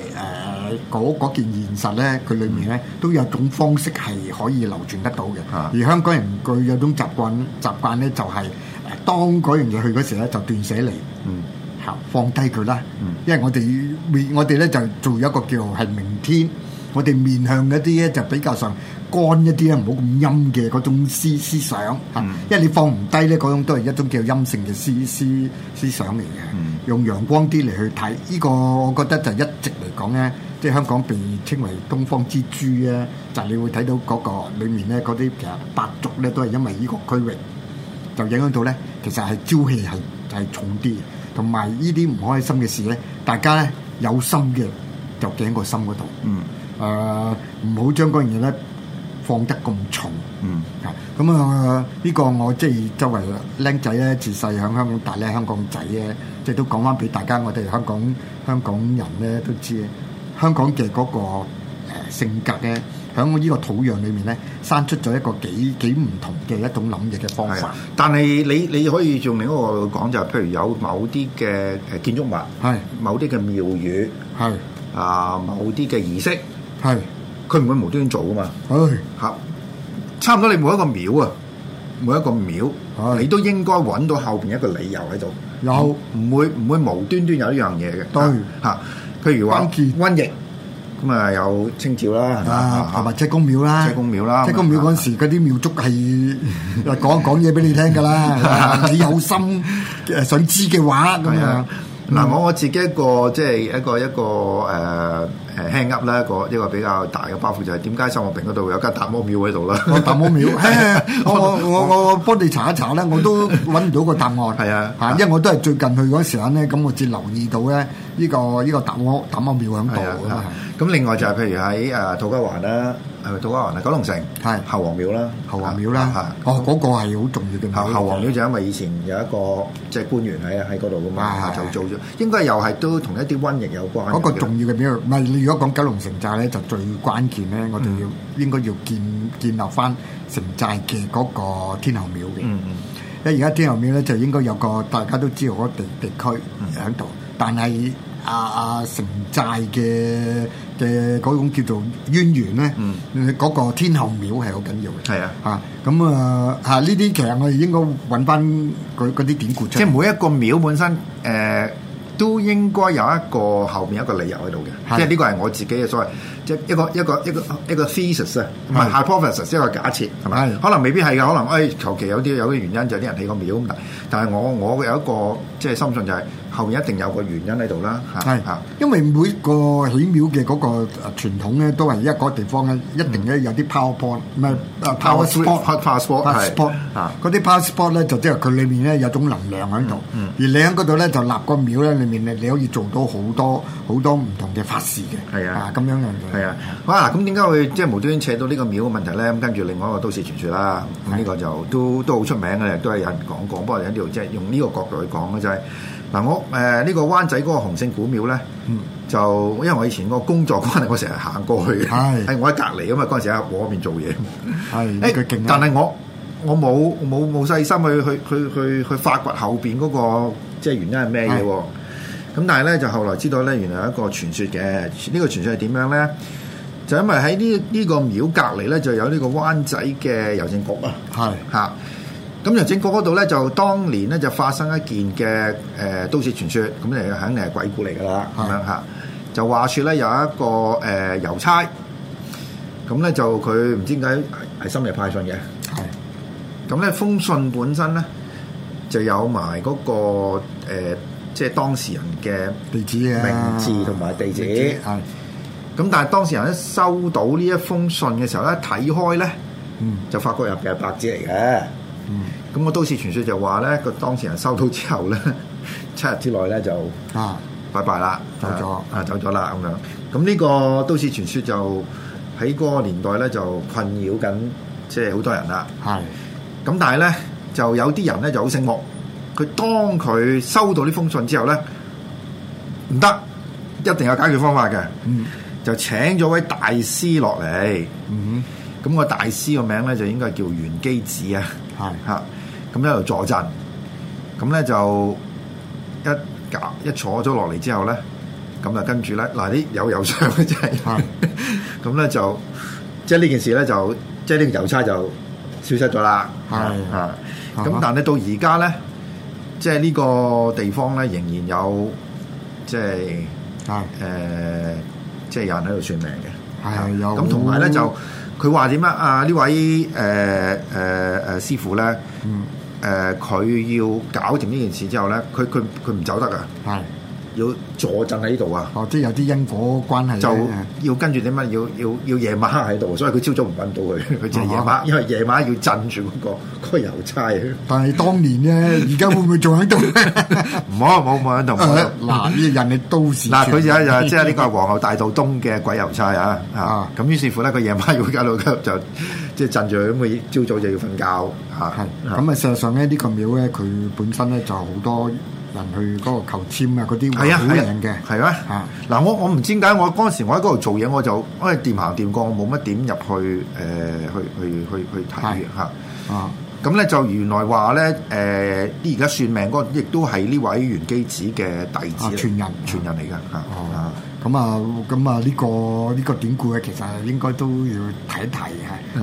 誒嗰件現實咧，佢裏面咧、嗯、都有一種方式係可以流傳得到嘅。嗯、而香港人佢有種習慣習慣咧，就係、是、當嗰樣嘢去嗰時咧，就斷捨離。嗯。放低佢啦，因為我哋面我哋咧就做一個叫係明天，我哋面向嗰啲咧就比較上乾一啲啊，唔好咁陰嘅嗰種思思想嚇，嗯、因為你放唔低咧，嗰種都係一種叫陰性嘅思思思想嚟嘅。用陽光啲嚟去睇，呢、呢個我覺得就一直嚟講咧，即係香港被稱為東方之珠咧，就是、你會睇到嗰個裡面咧嗰啲其實白族咧都係因為呢個區域就影響到咧，其實係朝氣係係重啲。同埋呢啲唔開心嘅事咧，大家咧有心嘅就記喺個心嗰度。嗯，誒唔好將嗰樣嘢咧放得咁重。嗯，啊咁啊呢個我即係周圍靚仔咧自細喺香港，大咧香港仔咧，即係都講翻俾大家，我哋香港香港人咧都知，香港嘅嗰個誒性格咧。喺我呢個土壤裏面咧，生出咗一個幾幾唔同嘅一種諗嘢嘅方法。但係你你可以用另一個講就係，譬如有某啲嘅誒建築物係，某啲嘅廟宇係，啊某啲嘅儀式係，佢唔會無端端做噶嘛。係，嚇，差唔多你每一個廟啊，每一個廟，你都應該揾到後邊一個理由喺度。有，唔會唔會無端端有一樣嘢嘅。對，嚇，譬如話，關鍵瘟疫。咁啊，啊有清朝啦，係嘛？同埋赤公廟啦，赤公廟嗰陣時，嗰啲廟祝係話講講嘢俾你聽㗎啦，你有、 啊、心誒想知嘅話，咁、啊、樣。哎嗱，我、嗯、我自己一個即係一個一個誒誒輕噏啦，一個一個比較大嘅包袱就係點解生和平嗰度有間達摩廟喺度啦？達摩廟，我我我我幫你查一查啦，我都揾唔到個答案。係 啊，啊因為我都係最近去嗰陣時咧，咁我只留意到咧、這、呢個呢、這個達摩達摩廟喺度，咁另外就係譬如喺誒土瓜灣啦。啊啊啊啊啊啊啊係都啱啦，九龍城、係、侯王廟啦，啊、侯王廟啦，啊、哦，嗰、嗰個係好重要嘅。侯王廟就因為以前有一個即係官員喺啊喺嗰度噶嘛，就，係啊、就做咗。應該又係都同一啲瘟疫有關嘅。嗰個重要嘅廟，唔係你如果講九龍城寨咧，就最關鍵咧，我仲要應該要建建立返城寨嘅嗰個天后廟嘅。嗯嗯，因為而家天后廟咧就應該有個大家都知道嗰地地區喺度，但係啊啊城寨嘅。嘅嗰種叫做淵源咧，嗰、嗯、個天后廟係好緊要嘅。係啊，嚇咁啊嚇，呢啲其實我哋應該揾翻嗰啲典故出嚟。即係每一個廟本身，誒、呃，都應該有一個後面一個理由喺度嘅。的即係呢個係我自己嘅所謂。即一個一個一個一個 thesis 啊，唔係 hypothesis，一個假設係咪？可能未必係㗎，可能誒求其有啲有啲原因就啲人起個廟咁，但係我我有一個即係深信就係後面一定有個原因喺度啦嚇。係嚇，因為每個起廟嘅嗰個傳統咧，都係一個地方咧，一定咧，有啲 power point 唔係 passport passport passport 啲 passport 咧，就即係佢裡面咧，有種能量喺度，而你喺嗰度咧，就立個廟咧，裡面咧，你可以做到好多好多唔同嘅法事嘅，係啊，咁樣嘅。係 啊，哇、啊！嗱、嗯，咁點解會即係無端端扯到呢個廟嘅問題咧？咁跟住另外一個都市傳説啦，咁呢的個就都都好出名嘅，都係有人講講，不過我哋喺呢度即係用呢個角度去講咧，就係、是、嗱、啊，我誒呢、呃這個灣仔嗰個洪聖古廟咧，嗯、就因為我以前個工作關係，我成日行過去嘅，係我喺隔離吖嘛，嗰陣時喺我嗰邊做嘢，係誒，但係我我冇冇冇細心去去去去去、去發掘後邊嗰、那個即係原因係咩嘢喎？咁但係咧就後來知道咧，原來有一個傳說嘅，呢、這個傳說係點樣咧？就因為喺呢呢個廟隔籬咧，就有呢個灣仔嘅郵政局啊。係嚇的，咁郵政局嗰度咧就當年咧就發生一件嘅誒、呃、都市傳說，咁你肯定係鬼故嚟噶啦，咁樣嚇。就話說咧有一個誒、呃、郵差，咁咧就佢唔知點解係深夜派信嘅。係的，咁咧的、嗯、封信本身咧就有埋、那、嗰個、呃即係當事人嘅地址啊，名字同埋地址啊。咁但係當事人一收到呢一封信嘅時候咧，睇開咧，嗯，就發覺入邊係白紙嚟嘅。嗯，咁個都市傳說就話咧，個當事人收到之後咧，七日之內咧就啊拜拜啦，走咗啊走咗啦咁樣。咁呢個都市傳說就喺嗰個年代咧就困擾緊，即係好多人啦。係、嗯。咁但係咧，就有啲人咧就好醒目。佢當佢收到呢封信之後咧，唔得，一定有解決方法嘅。Mm hmm. 就請咗位大師落嚟。嗯哼、mm，咁、hmm. 個大師個名咧就應該叫玄機子啊。係吓是，咁喺度坐鎮。咁咧就一架一坐咗落嚟之後咧，咁啊跟住咧嗱啲郵郵差真係，咁咧 就即係呢件事咧就即係呢個郵差就消失咗啦。係啊，咁但係到而家咧。即係呢個地方咧，仍然有即係誒，即係的、呃、有人喺度算命嘅。係的，的有咁同埋咧，就佢話點啊？啊、呃呃、呢位誒誒誒師傅咧，誒佢、嗯呃、要搞掂呢件事之後咧，佢佢佢唔走得㗎。係。要坐陣喺度啊！哦，即係有啲因果關係就要跟住點嘛？要要要夜晚黑喺度，所以佢朝早唔揾到佢，佢就夜晚，因為夜晚要鎮住嗰個嗰個郵差。但係當年咧，而家會唔會仲喺度？唔好，冇冇喺度，冇啦！嗱，呢人係都市，嗱，佢而家就即係呢個皇后大道東嘅鬼郵差啊！啊，咁於是乎咧，佢夜晚要一路就即係鎮住咁，佢朝早就要瞓覺。係咁啊！事實上咧，呢個廟咧，佢本身咧就好多。能去嗰個求簽啊，嗰啲係啊係啊，係咩、啊？嗱、啊，我我唔知點解，我嗰陣時我喺嗰度做嘢，我就因為掂行掂過，我冇乜點入去誒，去去去去睇嚇。啊，咁咧、嗯、就原來話咧誒，啲而家算命嗰個亦都係呢位袁機子嘅弟子傳人傳人嚟嘅啊。咁啊咁啊，呢、哦這個呢、這個典故咧，其實應該都要提一提，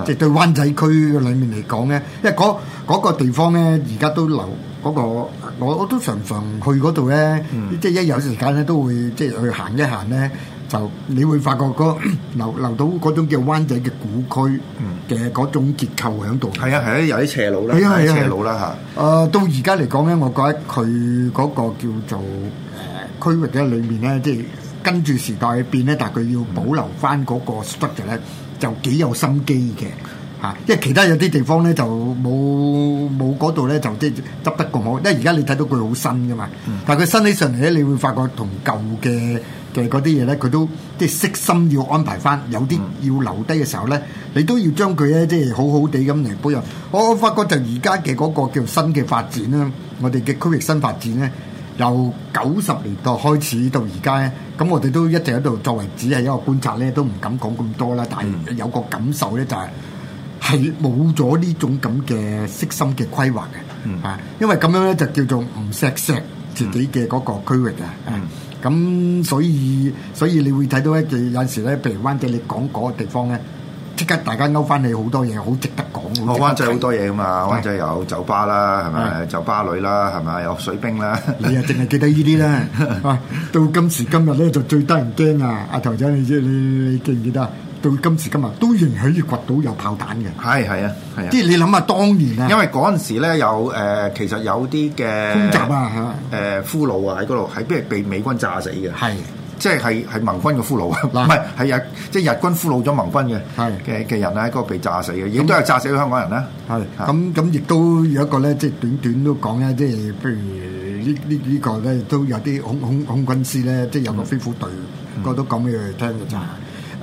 即係、啊、對灣仔區裏面嚟講咧，因為嗰、那個、個地方咧而家都流。嗰、那個我都常常去嗰度咧，嗯、即係一有時間咧都會即係去行一行咧，就你會發覺嗰留留到嗰種叫灣仔嘅古區嘅嗰種結構喺度。係、嗯、啊係啊，有啲斜路啦，係啊，係啊斜路啦嚇。誒、呃，到而家嚟講咧，我覺得佢嗰個叫做誒區域嘅裏面咧，即係跟住時代變咧，但係佢要保留翻嗰個 structure 咧，就幾有心機嘅。啊！因為其他有啲地方咧，就冇冇嗰度咧，就即係執得咁好。因為而家你睇到佢好新噶嘛，但係佢新起上嚟咧，你會發覺同舊嘅嘅嗰啲嘢咧，佢都即係悉心要安排翻，有啲要留低嘅時候咧，你都要將佢咧即係好好地咁嚟保留。我我發覺就而家嘅嗰個叫新嘅發展啦，我哋嘅區域新發展咧，由九十年代開始到而家咧，咁我哋都一直喺度作為只係一個觀察咧，都唔敢講咁多啦。但係有個感受咧，就係，係冇咗呢種咁嘅悉心嘅規劃嘅。啊，因為咁樣咧就叫做唔錫錫自己嘅嗰個區域啊。咁所以所以你會睇到一件有陣時咧，譬如灣仔你講嗰個地方咧，即刻大家勾翻起好多嘢，好值得講。落灣仔好多嘢噶嘛，灣仔有酒吧啦，係咪？酒吧女啦，係咪？有水兵啦，你啊，淨係記得呢啲啦。到今時今日咧，就最得人驚啊！阿頭仔，你知你記唔記得啊？到今時今日都仍喺度掘到有炮彈嘅，係係啊，係啊！即係你諗下，當年啊，因為嗰陣時咧有誒，其實有啲嘅攻襲啊，嚇誒俘虜啊喺嗰度，係不如被美軍炸死嘅？係即係係係盟軍嘅俘虜啊，唔係係日即係日軍俘虜咗盟軍嘅，係嘅嘅人喺嗰度被炸死嘅，亦都係炸死香港人啦。係咁咁，亦都有一個咧，即係短短都講咧，即係譬如呢呢呢個咧都有啲空空空軍師咧，即係有個飛虎隊，講到咁嘅聽嘅就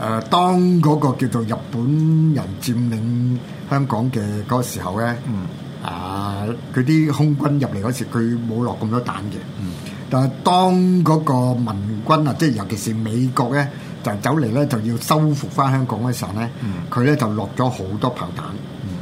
誒，當嗰個叫做日本人佔領香港嘅嗰時候咧，嗯，啊，佢啲空軍入嚟嗰時，佢冇落咁多彈嘅，嗯，但係當嗰個盟軍啊，即係尤其是美國咧，就走嚟咧，就要收復返香港嘅時候咧，佢咧、嗯、就落咗好多炮彈。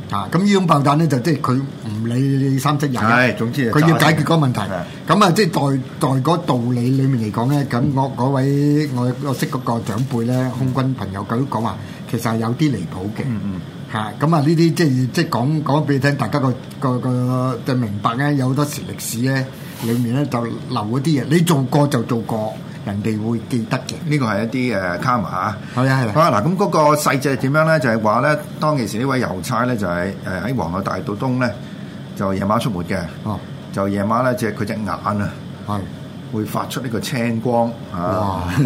啊！咁呢種爆彈咧，就即係佢唔理你三七廿一，係， 總之佢要解決嗰個問題。咁啊，即係在在嗰道理裡面嚟講咧，咁我位我我識嗰個長輩咧，空軍朋友佢都講話，其實係有啲離譜嘅。嗯嗯。嚇！咁啊，呢啲即係即係講講俾你聽，大家個個個就明白咧。有好多時歷史咧，裡面咧就留嗰啲嘢，你做過就做過，人哋會記得嘅、嗯，呢個係一啲誒卡碼。係、uh, Okay, okay. 啊，係啊。啊、嗯、嗱，咁、那、嗰個細節點樣咧？就係話咧，當其時位呢位郵差咧，就係誒喺皇后大道東咧，就夜晚出沒嘅。哦、oh.，就夜晚咧，隻佢隻眼啊，係會發出呢個青光。哇、oh. 啊！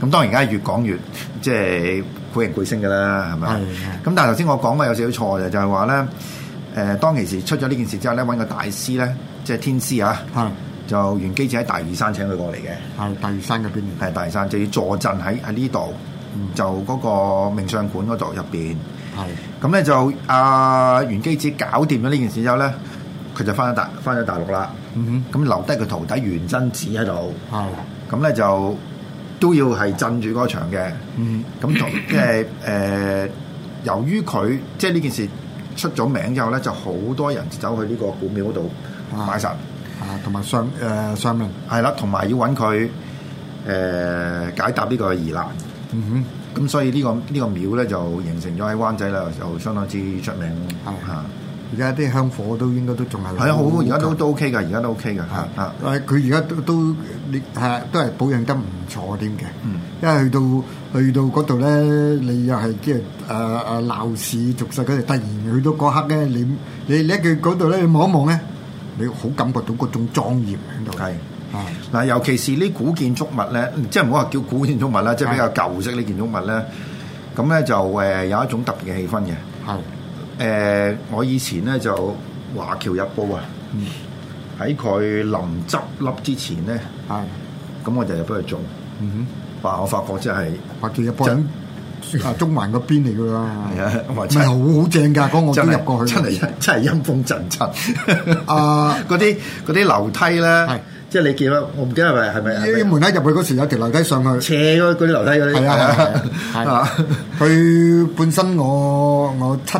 咁當然而家越講越即係繪形繪聲嘅啦，係咪啊？咁 Yeah. 但係頭先我講嘅有少少錯嘅，就係話咧，誒、呃、當其時出咗呢件事之後咧，揾個大師咧，即係天師啊。Oh. 就袁機子喺大嶼山請佢過嚟嘅，係大嶼山嗰邊？係大嶼山就要坐鎮喺喺呢度，就嗰個名相館嗰度入邊。係咁咧，就阿、啊、袁機子搞掂咗呢件事之後咧，佢就翻咗大翻咗大陸啦。咁、嗯、哼留低個徒弟袁真子喺度。係咁咧，就都要係鎮住嗰場嘅。嗯哼，咁即係誒，由於佢即係呢件事出咗名之後咧，就好多人走去呢個古廟嗰度拜神的。啊，同埋上誒上人，係啦，同埋要揾佢誒解答呢個疑難。嗯哼，咁所以呢個呢個廟咧就形成咗喺灣仔啦，就相當之出名。嚇，而家啲香火都應該都仲係。係啊，好，而家都都 OK 嘅，而家都 OK 嘅。嚇，佢而家都都你係都係保養得唔錯啲嘅。因為去到去到嗰度咧，你又係即係誒誒鬧市俗世佢哋突然去到嗰刻咧，你你你喺佢嗰度咧望一望咧。你好感覺到嗰種莊嚴喺度，係啊！嗱，尤其是呢古建築物咧，即係唔好話叫古建築物啦，即係比較舊式呢建築物咧，咁咧是就誒有一種特別嘅氣氛嘅。係誒是、呃，我以前咧就華僑日報啊，喺佢臨執笠之前咧，咁我就入幫佢做。嗯哼，嗱，我發覺即係華僑日報。啊！中環邊、 嗰邊嚟㗎？係啊，唔係好好正㗎！嗰個我都入過去真，真係真係陰風陣陣。 啊！嗰啲嗰啲樓梯咧，是即係你見啦，我唔記得係咪係咪。啲門一入去嗰時有條樓梯上去，斜嗰嗰啲樓梯嗰啲。係啊係啊，啊！佢本身我我七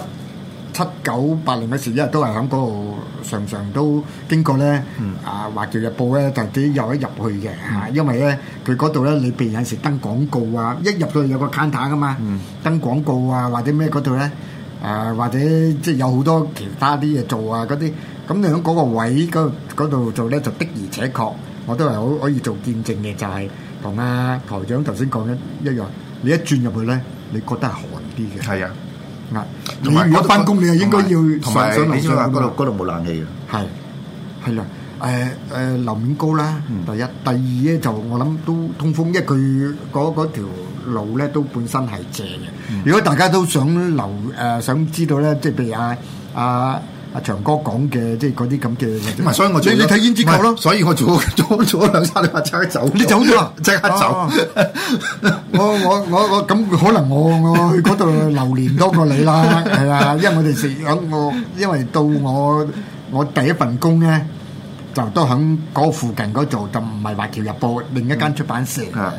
七九,九八年嗰時一日都係喺嗰度。常常都經過咧，啊華僑日報咧，就啲、是、又一入去嘅嚇，嗯、因為咧佢嗰度咧裏邊有時登廣告啊，一入到去有個 counter 噶嘛，登、嗯、廣告啊或者咩嗰度咧，啊或者即係有好多其他啲嘢做啊嗰啲，咁你喺嗰個位嗰度做咧就的而且確，我都係好可以做見證嘅，就係同阿台長頭先講一一樣，你一轉入去咧，你覺得係寒啲嘅。係啊。嗱，對有你如果翻工，你啊有應該要同埋上，有上樓你上嗰度嗰度冇冷氣嘅，係，係啦，誒誒樓面高啦，嗯、第一，第二咧就我諗都通風，因為佢嗰條路咧都本身係正嘅。嗯、如果大家都想留誒、呃，想知道咧，即係譬如啊啊。呃呃阿祥哥講嘅即係嗰啲咁嘅，嗯、所以我睇煙支夠咯，是所以我做咗做咗兩三兩百尺走，你走咗啦，即刻走。我我我我咁可能我我去嗰度流連多過你啦，係啊， 因為我哋食咁我，因為到我我第一份工咧就都喺嗰附近嗰度，就唔係華僑日報，另一間出版社。嗯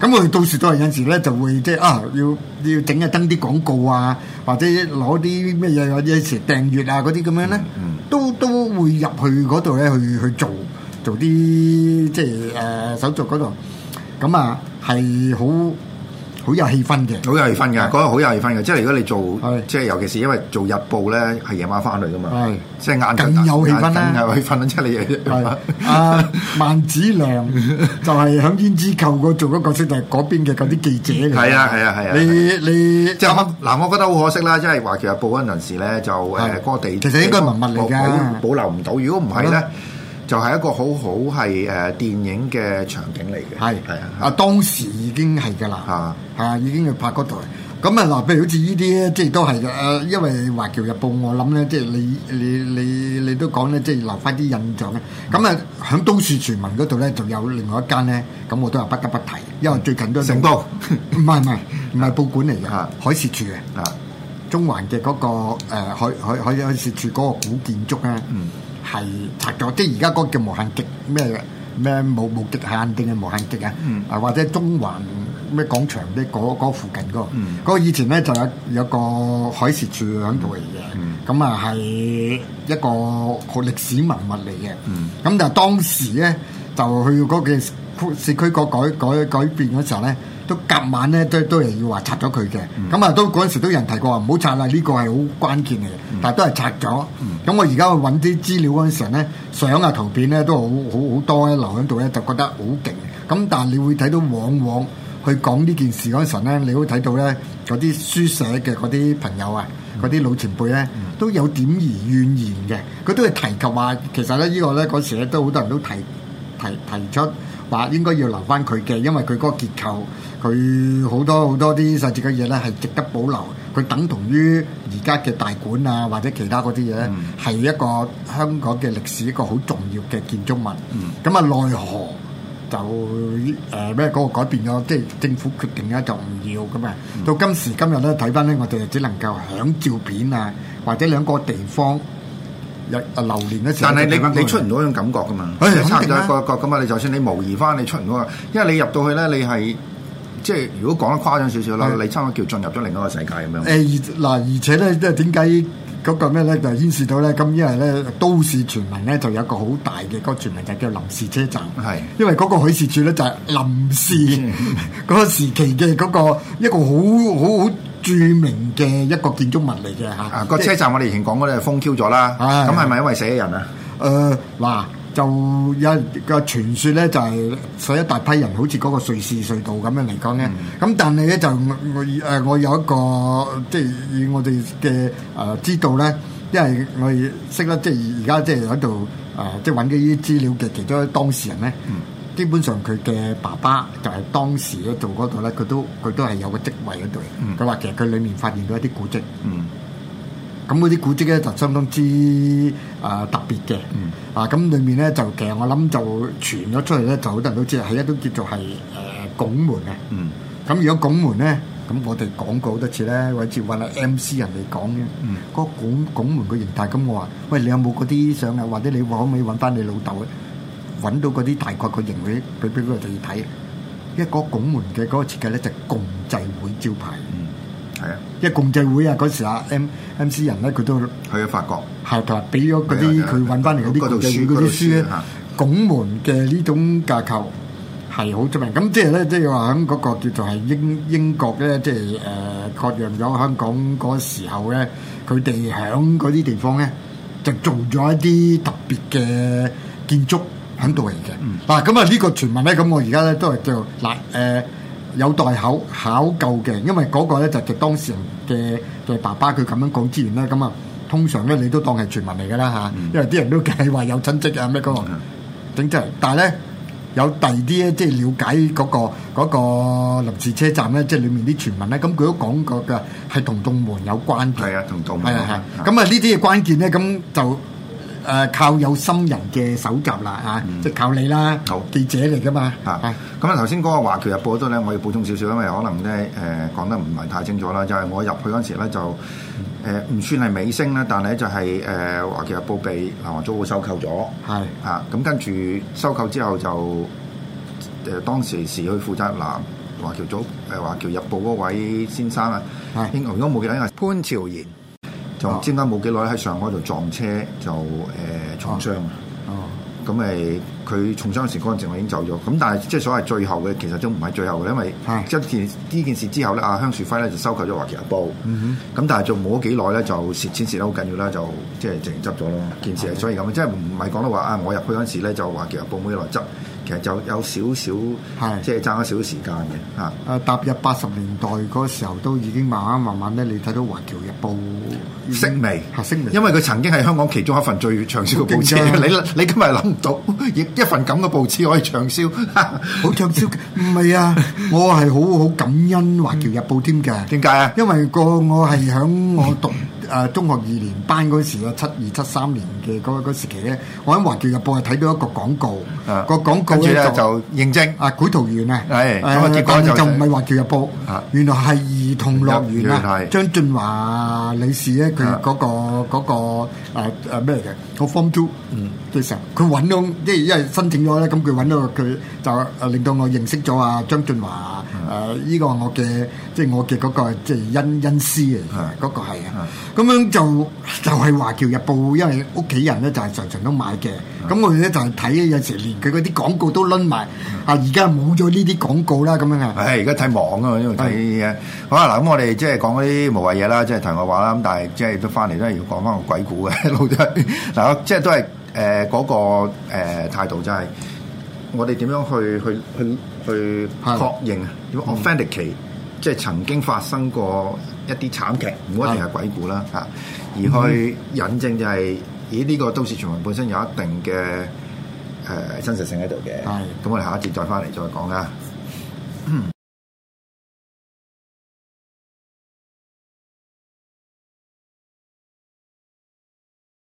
咁我哋到時都係有時咧，就會即係啊，要要整一登啲廣告啊，或者攞啲咩嘢有啲時訂閲啊嗰啲咁樣咧，都都會入去嗰度咧去去做做啲即係誒手續嗰度，咁啊係好。好有氣氛嘅，好有氣氛嘅，嗰個好有氣氛嘅，即係如果你做，即係尤其是因為做日報咧，係夜晚翻嚟噶嘛，即係晏晝，更有氣氛啦，氣氛出嚟嘅。阿萬梓良就係喺胭脂扣個做嗰角色，就係嗰邊嘅嗰啲記者嘅。係啊，係啊，係啊，你你即係嗱，我覺得好可惜啦，即係話其實華僑日報嗰陣時咧就誒嗰地，其實應該係文物嚟嘅，保留唔到，如果唔係咧。就係一個好好係誒電影嘅場景嚟嘅，係係啊，啊當時已經係嘅啦，啊啊已經去拍嗰度，咁啊嗱，譬如好似呢啲咧，即係都係嘅誒，因為華僑日報，我諗咧，即係你你你你都講咧，即係留翻啲印象嘅，咁啊喺都市傳聞嗰度咧，就有另外一間咧，咁我都係不得不提，因為最近都成都唔係唔係唔係報館嚟嘅，海事處嘅啊，中環嘅嗰個海海海海事處嗰個古建築啊，嗯。係拆咗，即係而家嗰個叫無限極咩咩冇冇極限定嘅無限極啊！啊、嗯、或者中環咩廣場咩、那、嗰、個那個、附近、那個，嗰、嗯、個以前咧就有有個海事處響度嚟嘅，咁啊係一個好歷史文物嚟嘅，咁但係、嗯、當時咧就去嗰個市區社區改改、那個、改變嗰時候咧。都夾晚咧，都都係要話拆咗佢嘅。咁啊、嗯，都嗰陣時都有人提過，唔好拆啦，呢、呢個係好關鍵嚟嘅。嗯、但係都係拆咗。咁、嗯、我而家去揾啲資料嗰陣時咧，相啊圖片咧都好好好，好多咧，留喺度咧就覺得好勁。咁但係你會睇到，往往去講呢件事嗰陣咧，你會睇到咧嗰啲書寫嘅嗰啲朋友啊，嗰啲老前輩咧、嗯、都有點而怨言嘅。佢都係提及話，其實咧呢個咧嗰時咧都好多人都提提提，提出話應該要留翻佢嘅，因為佢嗰個結構。佢好多好多啲細節嘅嘢咧，係值得保留。佢等同於而家嘅大館啊，或者其他嗰啲嘢，係、嗯、一個香港嘅歷史一個好重要嘅建築物。咁啊、嗯，奈何就誒咩嗰個改變咗，即係政府決定咧就唔要咁啊。嗯、到今時今日咧睇翻咧，看看我哋只能夠響照片啊，或者兩個地方有流連嘅時候，但係你你出唔到嗰種感覺㗎嘛？你拆咗割割咁啊！你就算你模擬翻，你出唔到啊，因為你入到去咧，你係。即係如果講得誇張少少啦，你差唔多叫進入咗另一個世界咁樣。誒，嗱，而且咧，即係點解嗰個咩咧，就顯示到咧，咁因為咧都市傳聞咧，就有個好大嘅嗰傳聞，就叫臨時車站。係。因為嗰個海事處咧就係臨時嗰個時期嘅嗰個一個好好好著名嘅一個建築物嚟嘅嚇。啊，個車站我哋以前講嗰啲係風 Q 咗啦。啊。咁係咪因為死咗人啊？誒，話。就有個傳說咧，就係、是、死一大批人，好似嗰個瑞士隧道咁樣嚟講咧。咁、嗯、但係咧，就我誒我有一個即係以我哋嘅誒知道咧，因為我識得即係而家即係喺度誒即係揾啲資料嘅其中一當事人咧。嗯、基本上佢嘅爸爸就係當時咧做嗰度咧，佢都佢都係有個職位喺度。佢話、嗯、其實佢裡面發現到一啲古跡。嗯咁嗰啲古蹟咧就相當之誒特別嘅，啊咁裏面咧就其實我諗就傳咗出嚟咧就好多人都知係一棟叫做係誒拱門啊。咁如果拱門咧，咁我哋講過好多次咧，或者揾阿 MC 人嚟講咧，嗰拱拱門嘅形態，咁我話：喂，你有冇嗰啲相啊？或者你話可唔可以揾翻你老豆揾到嗰啲大概個形咧，俾俾俾佢哋睇？因為嗰拱門嘅嗰個設計咧就係共濟會招牌。係啊，因為共濟會啊，嗰時啊 M M C 人咧，佢都去咗法國，係同埋俾咗嗰啲佢揾翻嚟嗰啲共濟會嗰啲書咧，書書拱門嘅呢種架構係好出名。咁即係咧，即係話喺嗰個叫做係英英國咧，即係誒割讓咗香港嗰時候咧，佢哋喺嗰啲地方咧，就做咗一啲特別嘅建築喺度嚟嘅。嗱、嗯，咁、嗯、啊呢個傳聞咧，咁我而家咧都係就是。嗱、呃、誒。呃有待考考究嘅，因為嗰個咧就係當事人嘅嘅、就是、爸爸，佢咁樣講之源啦。咁啊通常咧你都當係傳聞嚟㗎啦吓，嗯、因為啲人都講話有親戚啊咩嗰、那個，整即、嗯嗯、但係咧有第二啲咧，即、就、係、是、了解嗰、那個嗰、那個臨時車站咧，即、就、係、是、裡面啲傳聞咧，咁佢都講過嘅係同洞門有關嘅，係啊，同洞門，係啊係，咁啊呢啲嘅關鍵咧，咁就。誒靠有心人嘅手夾啦嚇，即係靠你啦。嗯、好記者嚟㗎嘛嚇。咁是是啊頭先嗰個華僑日報都咧，我要補充少少，因為可能咧誒、呃、講得唔係太清楚啦。就係、是、我入去嗰陣時咧，就誒唔算係尾聲啦，但係就係、是、誒、呃、華僑日報被南華早報收購咗。係嚇是，咁、啊、跟住收購之後就誒、呃、當時時去負責南華早報誒華僑日報嗰位先生啊，應該冇記錯，是潘朝賢。就唔知點冇幾耐喺上海度撞車就誒、呃、重傷，哦、啊，咁咪佢重傷嗰時嗰陣時我已經走咗，咁但係即係所謂最後嘅其實都唔係最後嘅，因為一件呢件事之後咧，阿、啊、香樹輝咧就收購咗華僑日報，嗯，咁哼但係就冇咗幾耐咧就蝕錢蝕，蝕得好緊要啦，就即係淨執咗咯件事，嗯、哼所以咁即係唔係講到話啊，我入去嗰陣時咧就華僑日報冇嘢來執。其實就有少少，係的即係爭咗少少時間嘅嚇。誒、啊，踏入八十年代嗰時候，都已經慢慢慢慢咧，你睇到《華僑日報》式、嗯、微，因為佢曾經係香港其中一份最暢銷嘅報紙。你你今日諗唔到，亦一份咁嘅報紙可以暢銷，好暢銷。唔係 啊，我係好好感恩《華僑日報》添㗎、 嗯。點解啊？因為、個我係響我讀。 誒中學二年班嗰時啊，七二七三年嘅嗰嗰時期咧，我喺華僑日報係睇到一個廣告，個廣告咧就認證啊，古陶園啊，誒，咁啊，第二個就唔係華僑日報，原來係兒童樂園啊，張俊華女士咧，佢嗰個嗰個誒誒咩嘅，個 form two，嗯，即係佢揾到，即係因為申請咗咧，咁佢揾到佢就誒令到我認識咗啊，張俊華啊，誒呢個我嘅即係我嘅嗰個即係恩恩師嚟，嗰個係啊。咁樣就就係華僑日報，因為屋企人咧就係常常都買嘅。咁、嗯、我哋咧就係睇，有時連佢嗰啲廣告都攆埋。啊、嗯，而家冇咗呢啲廣告啦，咁樣啊！係而家睇網啊嘛，因為睇好啊，嗱，咁我哋即係講嗰啲無謂嘢啦，即係題外話啦。咁但係即係都翻嚟都係要講翻個鬼故嘅老細。嗱，即係都係誒嗰個誒、呃、態度、就係，就係我哋點樣去去去去確認？咁 o f f e n d i 即係曾經發生過。一啲慘劇唔一定係鬼故啦吓，的而去引證就係、是、咦呢、這個都市傳聞本身有一定嘅誒、呃、真實性喺度嘅，咁的我哋下一節再翻嚟再講啦。